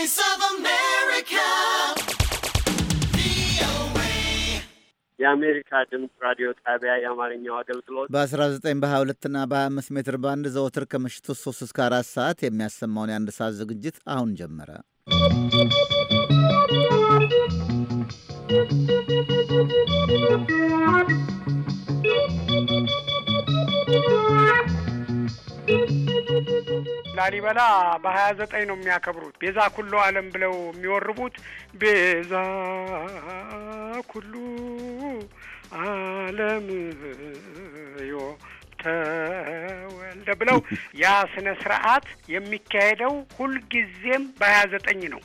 Voice of America. የአሜሪካ ድምፅ ራዲዮ ጣቢያ የአማርኛው አገልግሎት በ 19 በሀያ ሁለት ና በ አምስት ሜትር ባንድ ዘወትር ከምሽቱ 3 እስከ 4 ሰዓት የሚያሰማውን የአንድ ሰዓት ዝግጅት አሁን ጀመረ። ¶¶ ላሊበላ በሀያ ዘጠኝ ነው የሚያከብሩት። ቤዛ ኩሉ ዓለም ብለው የሚወርቡት ቤዛ ኩሉ ዓለም ዮ ተወልደ ብለው ያ ስነ ስርዓት የሚካሄደው ሁልጊዜም በሀያ ዘጠኝ ነው።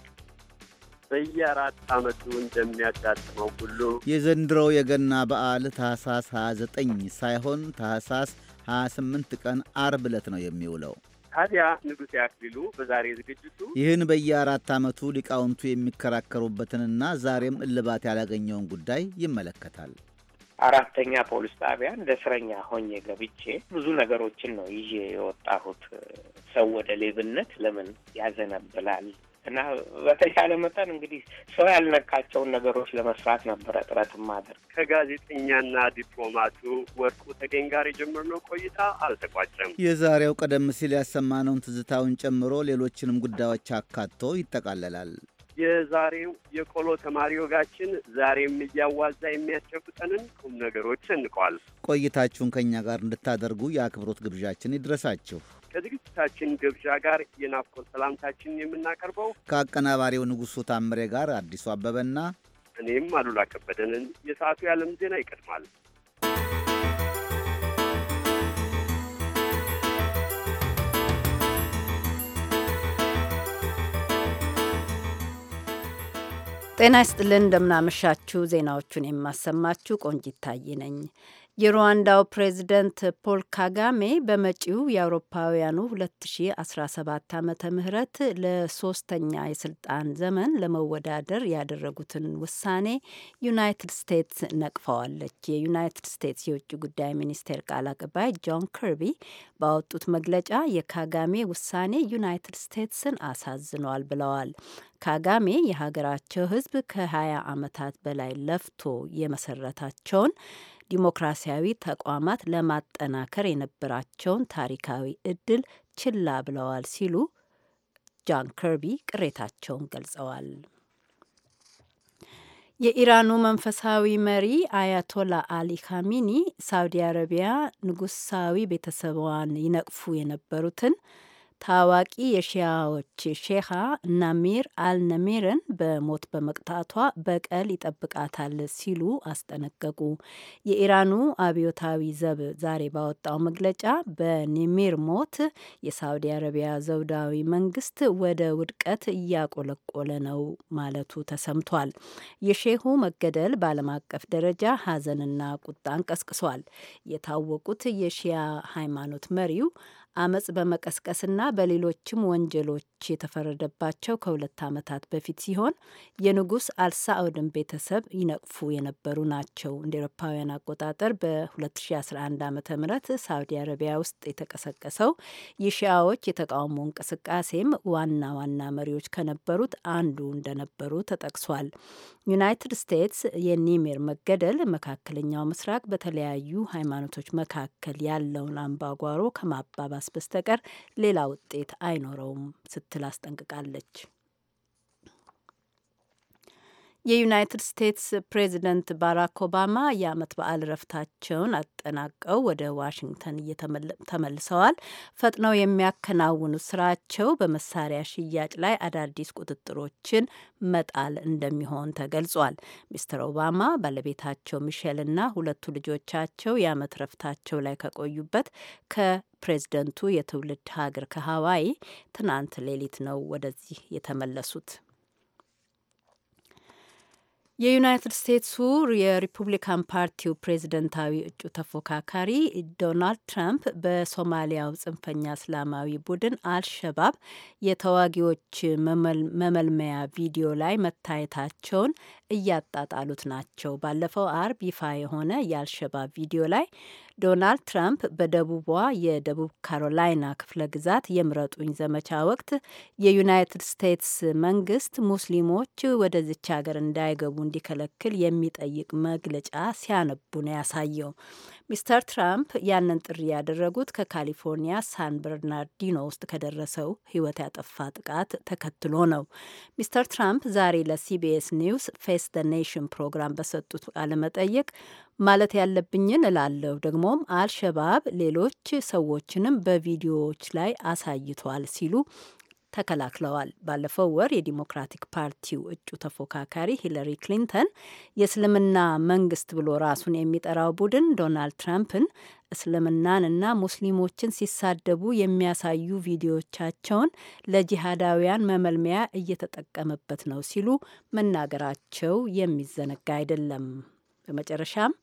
በየአራት ዓመቱ እንደሚያጋጥመው ሁሉ የዘንድሮው የገና በዓል ታህሳስ 29 ሳይሆን ታህሳስ 28 ቀን አርብ ዕለት ነው የሚውለው። ታዲያ ንጉሴ አክሊሉ በዛሬ ዝግጅቱ ይህን በየአራት ዓመቱ ሊቃውንቱ የሚከራከሩበትንና ዛሬም እልባት ያላገኘውን ጉዳይ ይመለከታል። አራተኛ ፖሊስ ጣቢያ እንደ እስረኛ ሆኜ ገብቼ ብዙ ነገሮችን ነው ይዤ የወጣሁት። ሰው ወደ ሌብነት ለምን ያዘነብላል? እና በተቻለ መጠን እንግዲህ ሰው ያልነካቸውን ነገሮች ለመስራት ነበረ ጥረት ማድረግ። ከጋዜጠኛና ዲፕሎማቱ ወርቁ ተገኝ ጋር የጀመርነው ቆይታ አልተቋጨም። የዛሬው ቀደም ሲል ያሰማነውን ትዝታውን ጨምሮ ሌሎችንም ጉዳዮች አካቶ ይጠቃለላል። የዛሬው የቆሎ ተማሪ ወጋችን ዛሬም እያዋዛ የሚያስጨብጠንን ቁም ነገሮች ሰንቋል። ቆይታችሁን ከእኛ ጋር እንድታደርጉ የአክብሮት ግብዣችን ይድረሳችሁ። ከዝግጅታችን ግብዣ ጋር የናፍቆት ሰላምታችን የምናቀርበው ከአቀናባሪው ንጉሱ ታምሬ ጋር አዲሱ አበበና እኔም አሉላ ከበደንን የሰዓቱ የዓለም ዜና ይቀድማል። ጤና ይስጥልን እንደምናመሻችሁ ዜናዎቹን የማሰማችሁ ቆንጂት ታዬ ነኝ። የሩዋንዳው ፕሬዚደንት ፖል ካጋሜ በመጪው የአውሮፓውያኑ 2017 ዓመተ ምህረት ለሶስተኛ የስልጣን ዘመን ለመወዳደር ያደረጉትን ውሳኔ ዩናይትድ ስቴትስ ነቅፈዋለች። የዩናይትድ ስቴትስ የውጭ ጉዳይ ሚኒስቴር ቃል አቀባይ ጆን ከርቢ ባወጡት መግለጫ የካጋሜ ውሳኔ ዩናይትድ ስቴትስን አሳዝኗል ብለዋል። ካጋሜ የሀገራቸው ሕዝብ ከ20 ዓመታት በላይ ለፍቶ የመሰረታቸውን ዲሞክራሲያዊ ተቋማት ለማጠናከር የነበራቸውን ታሪካዊ እድል ችላ ብለዋል ሲሉ ጃን ከርቢ ቅሬታቸውን ገልጸዋል። የኢራኑ መንፈሳዊ መሪ አያቶላ አሊ ካሚኒ ሳውዲ አረቢያ ንጉሳዊ ቤተሰቧን ይነቅፉ የነበሩትን ታዋቂ የሺያዎች ሼኻ ናሚር አልነሚርን በሞት በመቅጣቷ በቀል ይጠብቃታል ሲሉ አስጠነቀቁ። የኢራኑ አብዮታዊ ዘብ ዛሬ ባወጣው መግለጫ በኒሚር ሞት የሳውዲ አረቢያ ዘውዳዊ መንግስት ወደ ውድቀት እያቆለቆለ ነው ማለቱ ተሰምቷል። የሼሁ መገደል በዓለም አቀፍ ደረጃ ሀዘንና ቁጣን ቀስቅሷል። የታወቁት የሺያ ሃይማኖት መሪው አመፅ በመቀስቀስና በሌሎችም ወንጀሎች የተፈረደባቸው ከሁለት ዓመታት በፊት ሲሆን የንጉስ አልሳኡድን ቤተሰብ ይነቅፉ የነበሩ ናቸው። እንደ ኤሮፓውያን አቆጣጠር በ2011 ዓ ም ሳውዲ አረቢያ ውስጥ የተቀሰቀሰው የሺያዎች የተቃውሞ እንቅስቃሴም ዋና ዋና መሪዎች ከነበሩት አንዱ እንደነበሩ ተጠቅሷል። ዩናይትድ ስቴትስ የኒሜር መገደል መካከለኛው ምስራቅ በተለያዩ ሃይማኖቶች መካከል ያለውን አምባጓሮ ከማባባ በስተቀር ሌላ ውጤት አይኖረውም ስትል አስጠንቅቃለች። የዩናይትድ ስቴትስ ፕሬዚደንት ባራክ ኦባማ የዓመት በዓል ረፍታቸውን አጠናቀው ወደ ዋሽንግተን ተመልሰዋል። ፈጥነው የሚያከናውኑት ስራቸው በመሳሪያ ሽያጭ ላይ አዳዲስ ቁጥጥሮችን መጣል እንደሚሆን ተገልጿል። ሚስተር ኦባማ ባለቤታቸው ሚሼልና ሁለቱ ልጆቻቸው የዓመት ረፍታቸው ላይ ከቆዩበት ከፕሬዝደንቱ የትውልድ ሀገር ከሀዋይ ትናንት ሌሊት ነው ወደዚህ የተመለሱት። የዩናይትድ ስቴትሱ የሪፑብሊካን ፓርቲው ፕሬዝደንታዊ እጩ ተፎካካሪ ዶናልድ ትራምፕ በሶማሊያው ጽንፈኛ እስላማዊ ቡድን አልሸባብ የተዋጊዎች መመልመያ ቪዲዮ ላይ መታየታቸውን እያጣጣሉት ናቸው። ባለፈው አርብ ይፋ የሆነ የአልሸባብ ቪዲዮ ላይ ዶናልድ ትራምፕ በደቡቧ የደቡብ ካሮላይና ክፍለ ግዛት የምረጡኝ ዘመቻ ወቅት የዩናይትድ ስቴትስ መንግስት ሙስሊሞች ወደዚች ሀገር እንዳይገቡ እንዲከለክል የሚጠይቅ መግለጫ ሲያነቡ ነው ያሳየው። ሚስተር ትራምፕ ያንን ጥሪ ያደረጉት ከካሊፎርኒያ ሳን በርናርዲኖ ውስጥ ከደረሰው ሕይወት ያጠፋ ጥቃት ተከትሎ ነው። ሚስተር ትራምፕ ዛሬ ለሲቢኤስ ኒውስ ፌስ ደ ኔሽን ፕሮግራም በሰጡት ቃለመጠይቅ ማለት ያለብኝን እላለሁ። ደግሞም አልሸባብ ሌሎች ሰዎችንም በቪዲዮዎች ላይ አሳይቷል ሲሉ ተከላክለዋል። ባለፈው ወር የዲሞክራቲክ ፓርቲው እጩ ተፎካካሪ ሂለሪ ክሊንተን የእስልምና መንግስት ብሎ ራሱን የሚጠራው ቡድን ዶናልድ ትራምፕን እስልምናንና ሙስሊሞችን ሲሳደቡ የሚያሳዩ ቪዲዮዎቻቸውን ለጂሃዳውያን መመልመያ እየተጠቀመበት ነው ሲሉ መናገራቸው የሚዘነጋ አይደለም። በመጨረሻም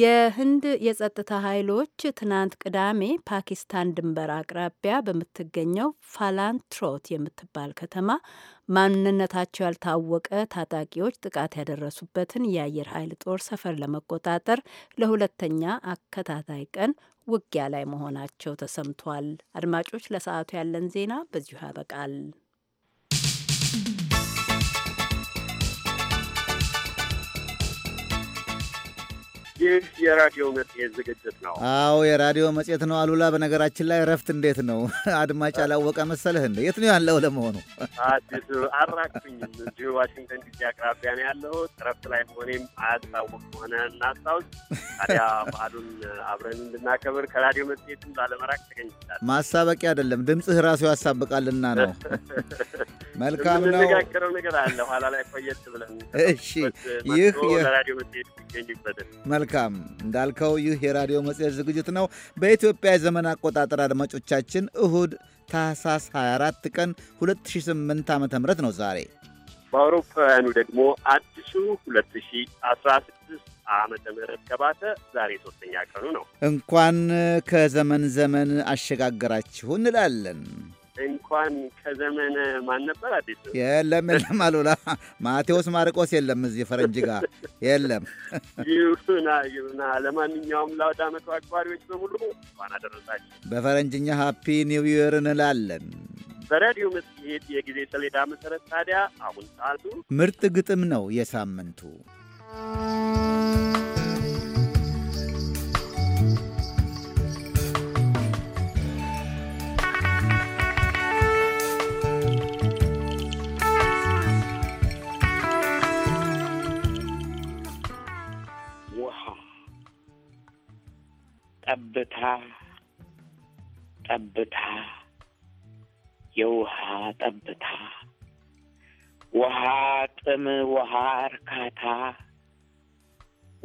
የህንድ የጸጥታ ኃይሎች ትናንት ቅዳሜ ፓኪስታን ድንበር አቅራቢያ በምትገኘው ፋላንትሮት የምትባል ከተማ ማንነታቸው ያልታወቀ ታጣቂዎች ጥቃት ያደረሱበትን የአየር ኃይል ጦር ሰፈር ለመቆጣጠር ለሁለተኛ አከታታይ ቀን ውጊያ ላይ መሆናቸው ተሰምቷል። አድማጮች፣ ለሰዓቱ ያለን ዜና በዚሁ ያበቃል። ይህ የራዲዮ መጽሔት ዝግጅት ነው። አዎ የራዲዮ መጽሔት ነው። አሉላ፣ በነገራችን ላይ እረፍት እንዴት ነው? አድማጭ አላወቀ መሰለህ እንደ የት ነው ያለው ለመሆኑ? አዲሱ አራኩኝም እዚሁ ዋሽንግተን ዲሲ አቅራቢያ ነው ያለሁት። እረፍት ላይ መሆኔም አያስታውቅ ሆነ እናስታውስ። ታዲያ በዓሉን አብረን እንድናከብር ከራዲዮ መጽሔትም ላለመራቅ ተገኝቻል። ማሳበቂያ አይደለም፣ ድምፅህ ራሱ ያሳብቃልና ነው። መልካም ነው። የምንነጋገረው ነገር አለ ኋላ ላይ ቆየት ብለን እሺ። ይህ ለራዲዮ መጽሔት ይገኙበትን መልካም እንዳልከው ይህ የራዲዮ መጽሔት ዝግጅት ነው። በኢትዮጵያ የዘመን አቆጣጠር አድማጮቻችን እሁድ ታህሳስ 24 ቀን 2008 ዓ ም ነው ዛሬ። በአውሮፓውያኑ ደግሞ አዲሱ 2016 ዓመተ ምህረት ከባተ ዛሬ ሶስተኛ ቀኑ ነው። እንኳን ከዘመን ዘመን አሸጋገራችሁ እንላለን። እንኳን ከዘመነ ማን ነበር? አዲስ የለም የለም፣ አሉላ ማቴዎስ ማርቆስ የለም፣ እዚህ ፈረንጅ ጋር የለም። ይሁና ይሁና። ለማንኛውም ለአውደ አመቱ አክባሪዎች በሙሉ እንኳን አደረሳችሁ። በፈረንጅኛ ሀፒ ኒው ይር እንላለን። በሬዲዮ መጽሔት የጊዜ ሰሌዳ መሠረት ታዲያ አሁን ሰዓቱ ምርጥ ግጥም ነው የሳምንቱ Thank ጠብታ ጠብታ የውሃ ጠብታ ውሃ ጥም ውሃ እርካታ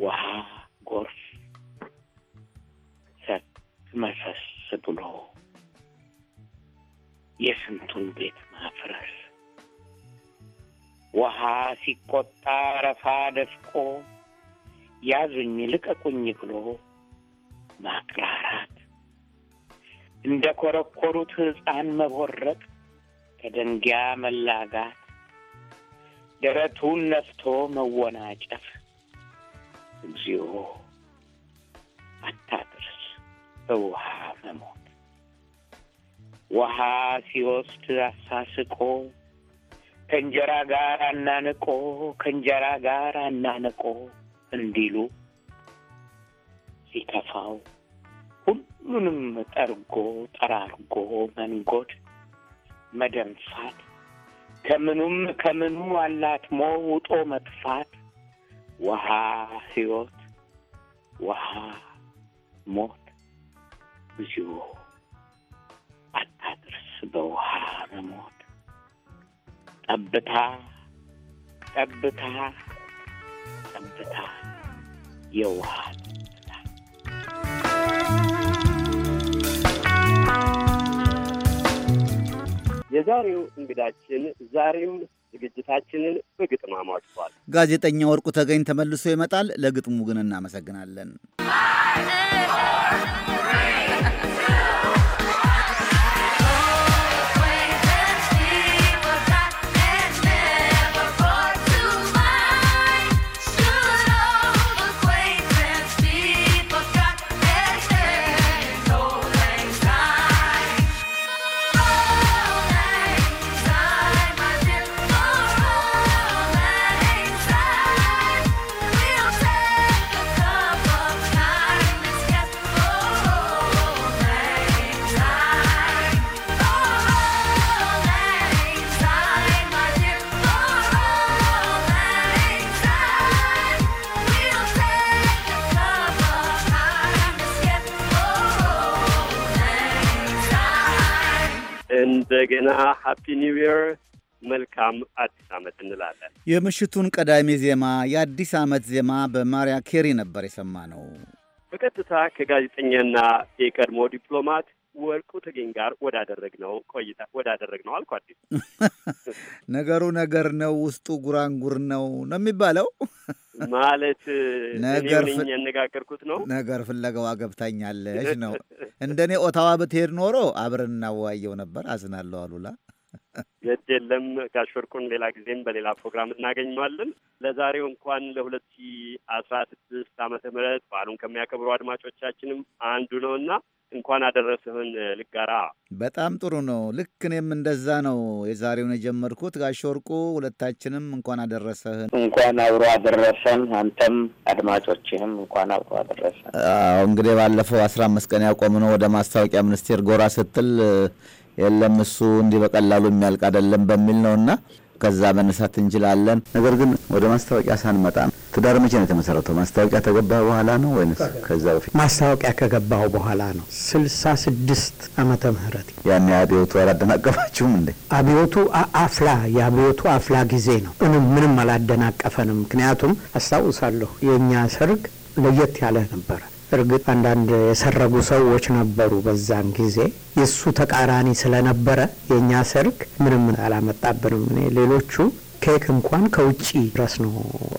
ውሃ ጎርፍ ሰት መሰስ ብሎ የስንቱን ቤት ማፍረስ ውሃ ሲቆጣ ረፋ ደፍቆ ያዙኝ ልቀቁኝ ብሎ ማጋራት፣ እንደ ኮረኮሩት ሕፃን መቦረቅ፣ ከደንጊያ መላጋት፣ ደረቱን ነፍቶ መወናጨፍ። እግዚኦ አታድርስ በውሃ መሞት ውሃ ሲወስድ አሳስቆ ከእንጀራ ጋር አናንቆ ከእንጀራ ጋር አናንቆ እንዲሉ ሲከፋው ሁሉንም ጠርጎ ጠራርጎ መንጎድ መደንፋት ከምኑም ከምኑ አላትሞ ውጦ መጥፋት ውሃ ሕይወት ውሃ ሞት እግዚኦ አታድርስ በውሃ መሞት ጠብታ ጠብታ ጠብታ የውሃ የዛሬው እንግዳችን ዛሬም ዝግጅታችንን በግጥም አሟጭቷል። ጋዜጠኛ ወርቁ ተገኝ ተመልሶ ይመጣል። ለግጥሙ ግን እናመሰግናለን። እንደገና ሃፒ ኒው ይር መልካም አዲስ ዓመት እንላለን። የምሽቱን ቀዳሚ ዜማ የአዲስ ዓመት ዜማ በማሪያ ኬሪ ነበር የሰማ ነው። በቀጥታ ከጋዜጠኛና የቀድሞ ዲፕሎማት ወርቁ ትግኝ ጋር ወዳደረግ ነው ቆይታ ወዳደረግ ነው አልኩ። አዲስ ነገሩ ነገር ነው፣ ውስጡ ጉራንጉር ነው ነው የሚባለው ማለት ነገር ያነጋገርኩት ነው። ነገር ፍለገዋ ገብታኛለች ነው። እኔ ኦታዋ ብትሄድ ኖሮ አብረን እናወያየው ነበር። አዝናለሁ አሉላ። ግድ የለም ጋሽ ሌላ ጊዜም በሌላ ፕሮግራም እናገኘዋለን። ለዛሬው እንኳን ለሁለት ሺ አስራ ስድስት አመተ ምህረት በዓሉን ከሚያከብሩ አድማጮቻችንም አንዱ ነው እና እንኳን አደረስህን ልጋራ። በጣም ጥሩ ነው። ልክ እኔም እንደዛ ነው የዛሬውን የጀመርኩት። ጋሽ ወርቁ ሁለታችንም እንኳን አደረሰህን። እንኳን አብሮ አደረሰን። አንተም አድማጮችህም እንኳን አብሮ አደረሰን። አዎ እንግዲህ ባለፈው አስራ አምስት ቀን ያቆምነው ወደ ማስታወቂያ ሚኒስቴር ጎራ ስትል የለም እሱ እንዲህ በቀላሉ የሚያልቅ አይደለም በሚል ነው እና ከዛ መነሳት እንችላለን። ነገር ግን ወደ ማስታወቂያ ሳንመጣ ትዳር መቼ ነው የተመሰረተው? ማስታወቂያ ተገባህ በኋላ ነው ወይ ከዛ በፊት? ማስታወቂያ ከገባሁ በኋላ ነው። ስልሳ ስድስት ዓመተ ምህረት ያን አብዮቱ አላደናቀፋችሁም እንዴ? አብዮቱ አፍላ የአብዮቱ አፍላ ጊዜ ነው። ምንም አላደናቀፈንም። ምክንያቱም አስታውሳለሁ የእኛ ሰርግ ለየት ያለ ነበረ። እርግጥ አንዳንድ የሰረጉ ሰዎች ነበሩ። በዛን ጊዜ የእሱ ተቃራኒ ስለነበረ የእኛ ሰርግ ምንም አላመጣብንም። ሌሎቹ ኬክ እንኳን ከውጭ ድረስ ነው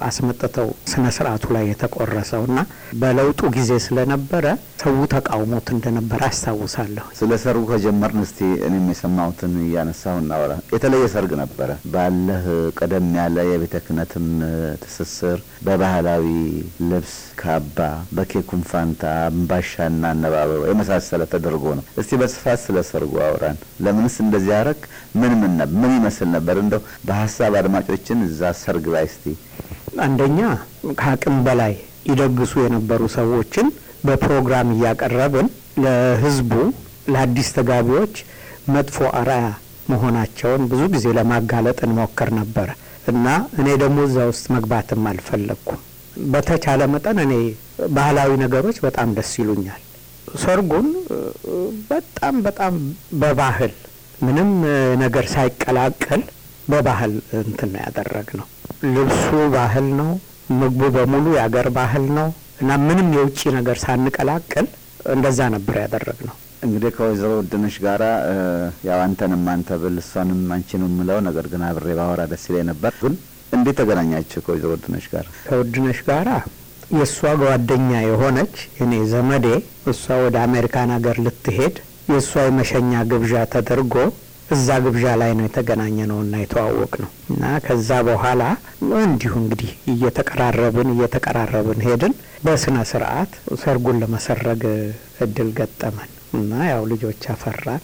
አስመጥተው ስነ ስርአቱ ላይ የተቆረሰው እና በለውጡ ጊዜ ስለነበረ ሰው ተቃውሞት እንደነበረ አስታውሳለሁ። ስለ ሰርጉ ከጀመርን እስቲ እኔም የሰማሁትን እያነሳሁ እናወራ። የተለየ ሰርግ ነበረ ባለህ ቀደም ያለ የቤተ ክነትን ትስስር በባህላዊ ልብስ ካባ፣ በኬኩም ፋንታ አምባሻና አነባበሮ የመሳሰለ ተደርጎ ነው። እስቲ በስፋት ስለ ሰርጉ አውራን። ለምንስ እንደዚህ ያረግ ምን ምን ምን ይመስል ነበር እንደው በሀሳብ አድማጮችን እዛ ሰርግ ላይ እስቲ አንደኛ ከአቅም በላይ ይደግሱ የነበሩ ሰዎችን በፕሮግራም እያቀረብን ለህዝቡ ለአዲስ ተጋቢዎች መጥፎ አራያ መሆናቸውን ብዙ ጊዜ ለማጋለጥ እንሞክር ነበር እና እኔ ደግሞ እዛ ውስጥ መግባትም አልፈለግኩም። በተቻለ መጠን እኔ ባህላዊ ነገሮች በጣም ደስ ይሉኛል። ሰርጉን በጣም በጣም በባህል ምንም ነገር ሳይቀላቀል በባህል እንትን ነው ያደረግ ነው። ልብሱ ባህል ነው፣ ምግቡ በሙሉ የአገር ባህል ነው እና ምንም የውጭ ነገር ሳንቀላቅል እንደዛ ነበር ያደረግ ነው። እንግዲህ ከወይዘሮ ውድነሽ ጋራ ያው አንተንም አንተ ብል እሷንም አንቺን የምለው ነገር ግን አብሬ ባወራ ደስ ይለኝ ነበር። ግን እንዴት ተገናኛችሁ ከወይዘሮ ውድነሽ ጋር? ከውድነሽ ጋራ የእሷ ጓደኛ የሆነች እኔ ዘመዴ እሷ ወደ አሜሪካን ሀገር ልትሄድ የእሷ የመሸኛ ግብዣ ተደርጎ እዛ ግብዣ ላይ ነው የተገናኘ ነው እና የተዋወቅ ነው እና ከዛ በኋላ እንዲሁ እንግዲህ እየተቀራረብን እየተቀራረብን ሄድን። በስነ ስርዓት ሰርጉን ለመሰረግ እድል ገጠመን እና ያው ልጆች አፈራን፣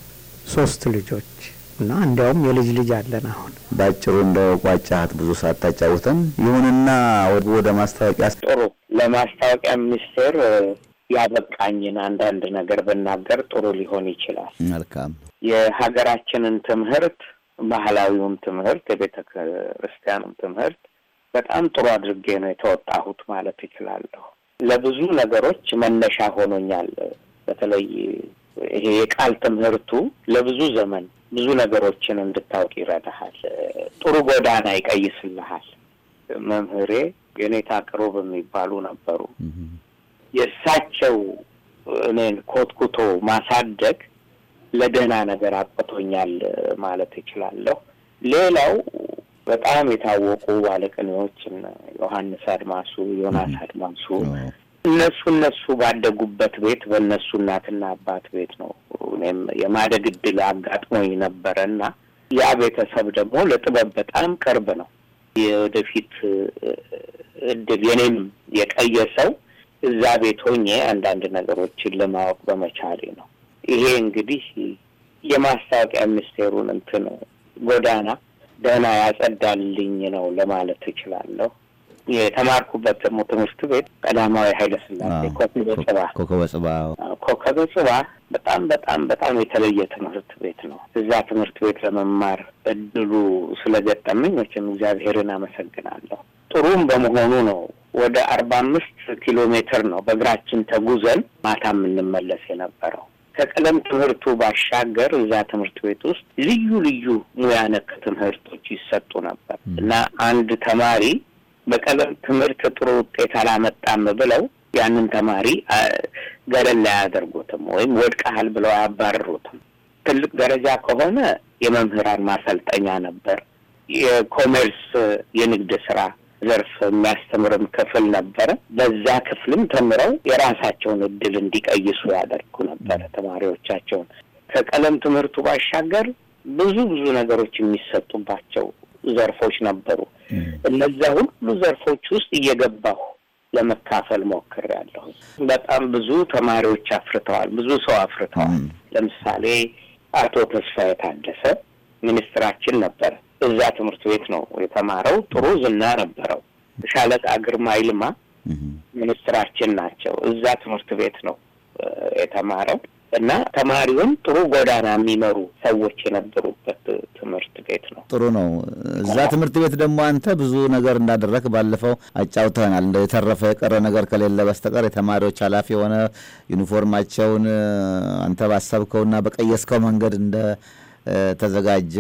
ሶስት ልጆች እና እንዲያውም የልጅ ልጅ አለን አሁን። ባጭሩ እንደ ቋጫት ብዙ ሰዓት ታጫውተን። ይሁንና ወደ ማስታወቂያ ጥሩ ለማስታወቂያ ሚኒስቴር ያበቃኝን አንዳንድ ነገር ብናገር ጥሩ ሊሆን ይችላል። መልካም የሀገራችንን ትምህርት ባህላዊውም ትምህርት የቤተ ክርስቲያኑም ትምህርት በጣም ጥሩ አድርጌ ነው የተወጣሁት ማለት እችላለሁ። ለብዙ ነገሮች መነሻ ሆኖኛል። በተለይ ይሄ የቃል ትምህርቱ ለብዙ ዘመን ብዙ ነገሮችን እንድታውቅ ይረዳሃል። ጥሩ ጎዳና ይቀይስልሃል። መምህሬ የኔታ ቅሩብ የሚባሉ ነበሩ። የእሳቸው እኔን ኮትኩቶ ማሳደግ ለደህና ነገር አቅቶኛል ማለት እችላለሁ። ሌላው በጣም የታወቁ ባለቅኔዎች ዮሐንስ አድማሱ፣ ዮናስ አድማሱ እነሱ እነሱ ባደጉበት ቤት በእነሱ እናትና አባት ቤት ነው እኔም የማደግ እድል አጋጥሞኝ ነበረ እና ያ ቤተሰብ ደግሞ ለጥበብ በጣም ቅርብ ነው። የወደፊት እድል የኔም የቀየሰው እዛ ቤት ሆኜ አንዳንድ ነገሮችን ለማወቅ በመቻሌ ነው። ይሄ እንግዲህ የማስታወቂያ ሚኒስቴሩን እንትን ጎዳና ደህና ያጸዳልኝ ነው ለማለት እችላለሁ። የተማርኩበት ደግሞ ትምህርት ቤት ቀዳማዊ ኃይለ ሥላሴ ጽባ ኮከበ ጽባ ኮከበ ጽባ በጣም በጣም በጣም የተለየ ትምህርት ቤት ነው። እዛ ትምህርት ቤት ለመማር እድሉ ስለገጠመኝ መቼም እግዚአብሔርን አመሰግናለሁ። ጥሩም በመሆኑ ነው ወደ አርባ አምስት ኪሎ ሜትር ነው በእግራችን ተጉዘን ማታ የምንመለስ የነበረው። ከቀለም ትምህርቱ ባሻገር እዛ ትምህርት ቤት ውስጥ ልዩ ልዩ ሙያ ነክ ትምህርቶች ይሰጡ ነበር እና አንድ ተማሪ በቀለም ትምህርት ጥሩ ውጤት አላመጣም ብለው ያንን ተማሪ ገለል ላይ አያደርጉትም ወይም ወድቀሃል ብለው አያባርሩትም። ትልቅ ደረጃ ከሆነ የመምህራን ማሰልጠኛ ነበር፣ የኮሜርስ የንግድ ስራ ዘርፍ የሚያስተምርም ክፍል ነበረ። በዛ ክፍልም ተምረው የራሳቸውን እድል እንዲቀይሱ ያደርጉ ነበረ ተማሪዎቻቸውን። ከቀለም ትምህርቱ ባሻገር ብዙ ብዙ ነገሮች የሚሰጡባቸው ዘርፎች ነበሩ። እነዚያ ሁሉ ዘርፎች ውስጥ እየገባሁ ለመካፈል ሞክሬያለሁ። በጣም ብዙ ተማሪዎች አፍርተዋል፣ ብዙ ሰው አፍርተዋል። ለምሳሌ አቶ ተስፋዬ ታደሰ ሚኒስትራችን ነበረ። እዛ ትምህርት ቤት ነው የተማረው። ጥሩ ዝና ነበረው። ሻለቃ ግርማ ይልማ ሚኒስትራችን ናቸው። እዛ ትምህርት ቤት ነው የተማረው እና ተማሪውን ጥሩ ጎዳና የሚመሩ ሰዎች የነበሩበት ትምህርት ቤት ነው። ጥሩ ነው። እዛ ትምህርት ቤት ደግሞ አንተ ብዙ ነገር እንዳደረግ ባለፈው አጫውተናል። እንደ የተረፈ የቀረ ነገር ከሌለ በስተቀር የተማሪዎች ኃላፊ የሆነ ዩኒፎርማቸውን አንተ ባሰብከውና በቀየስከው መንገድ እንደ ተዘጋጀ።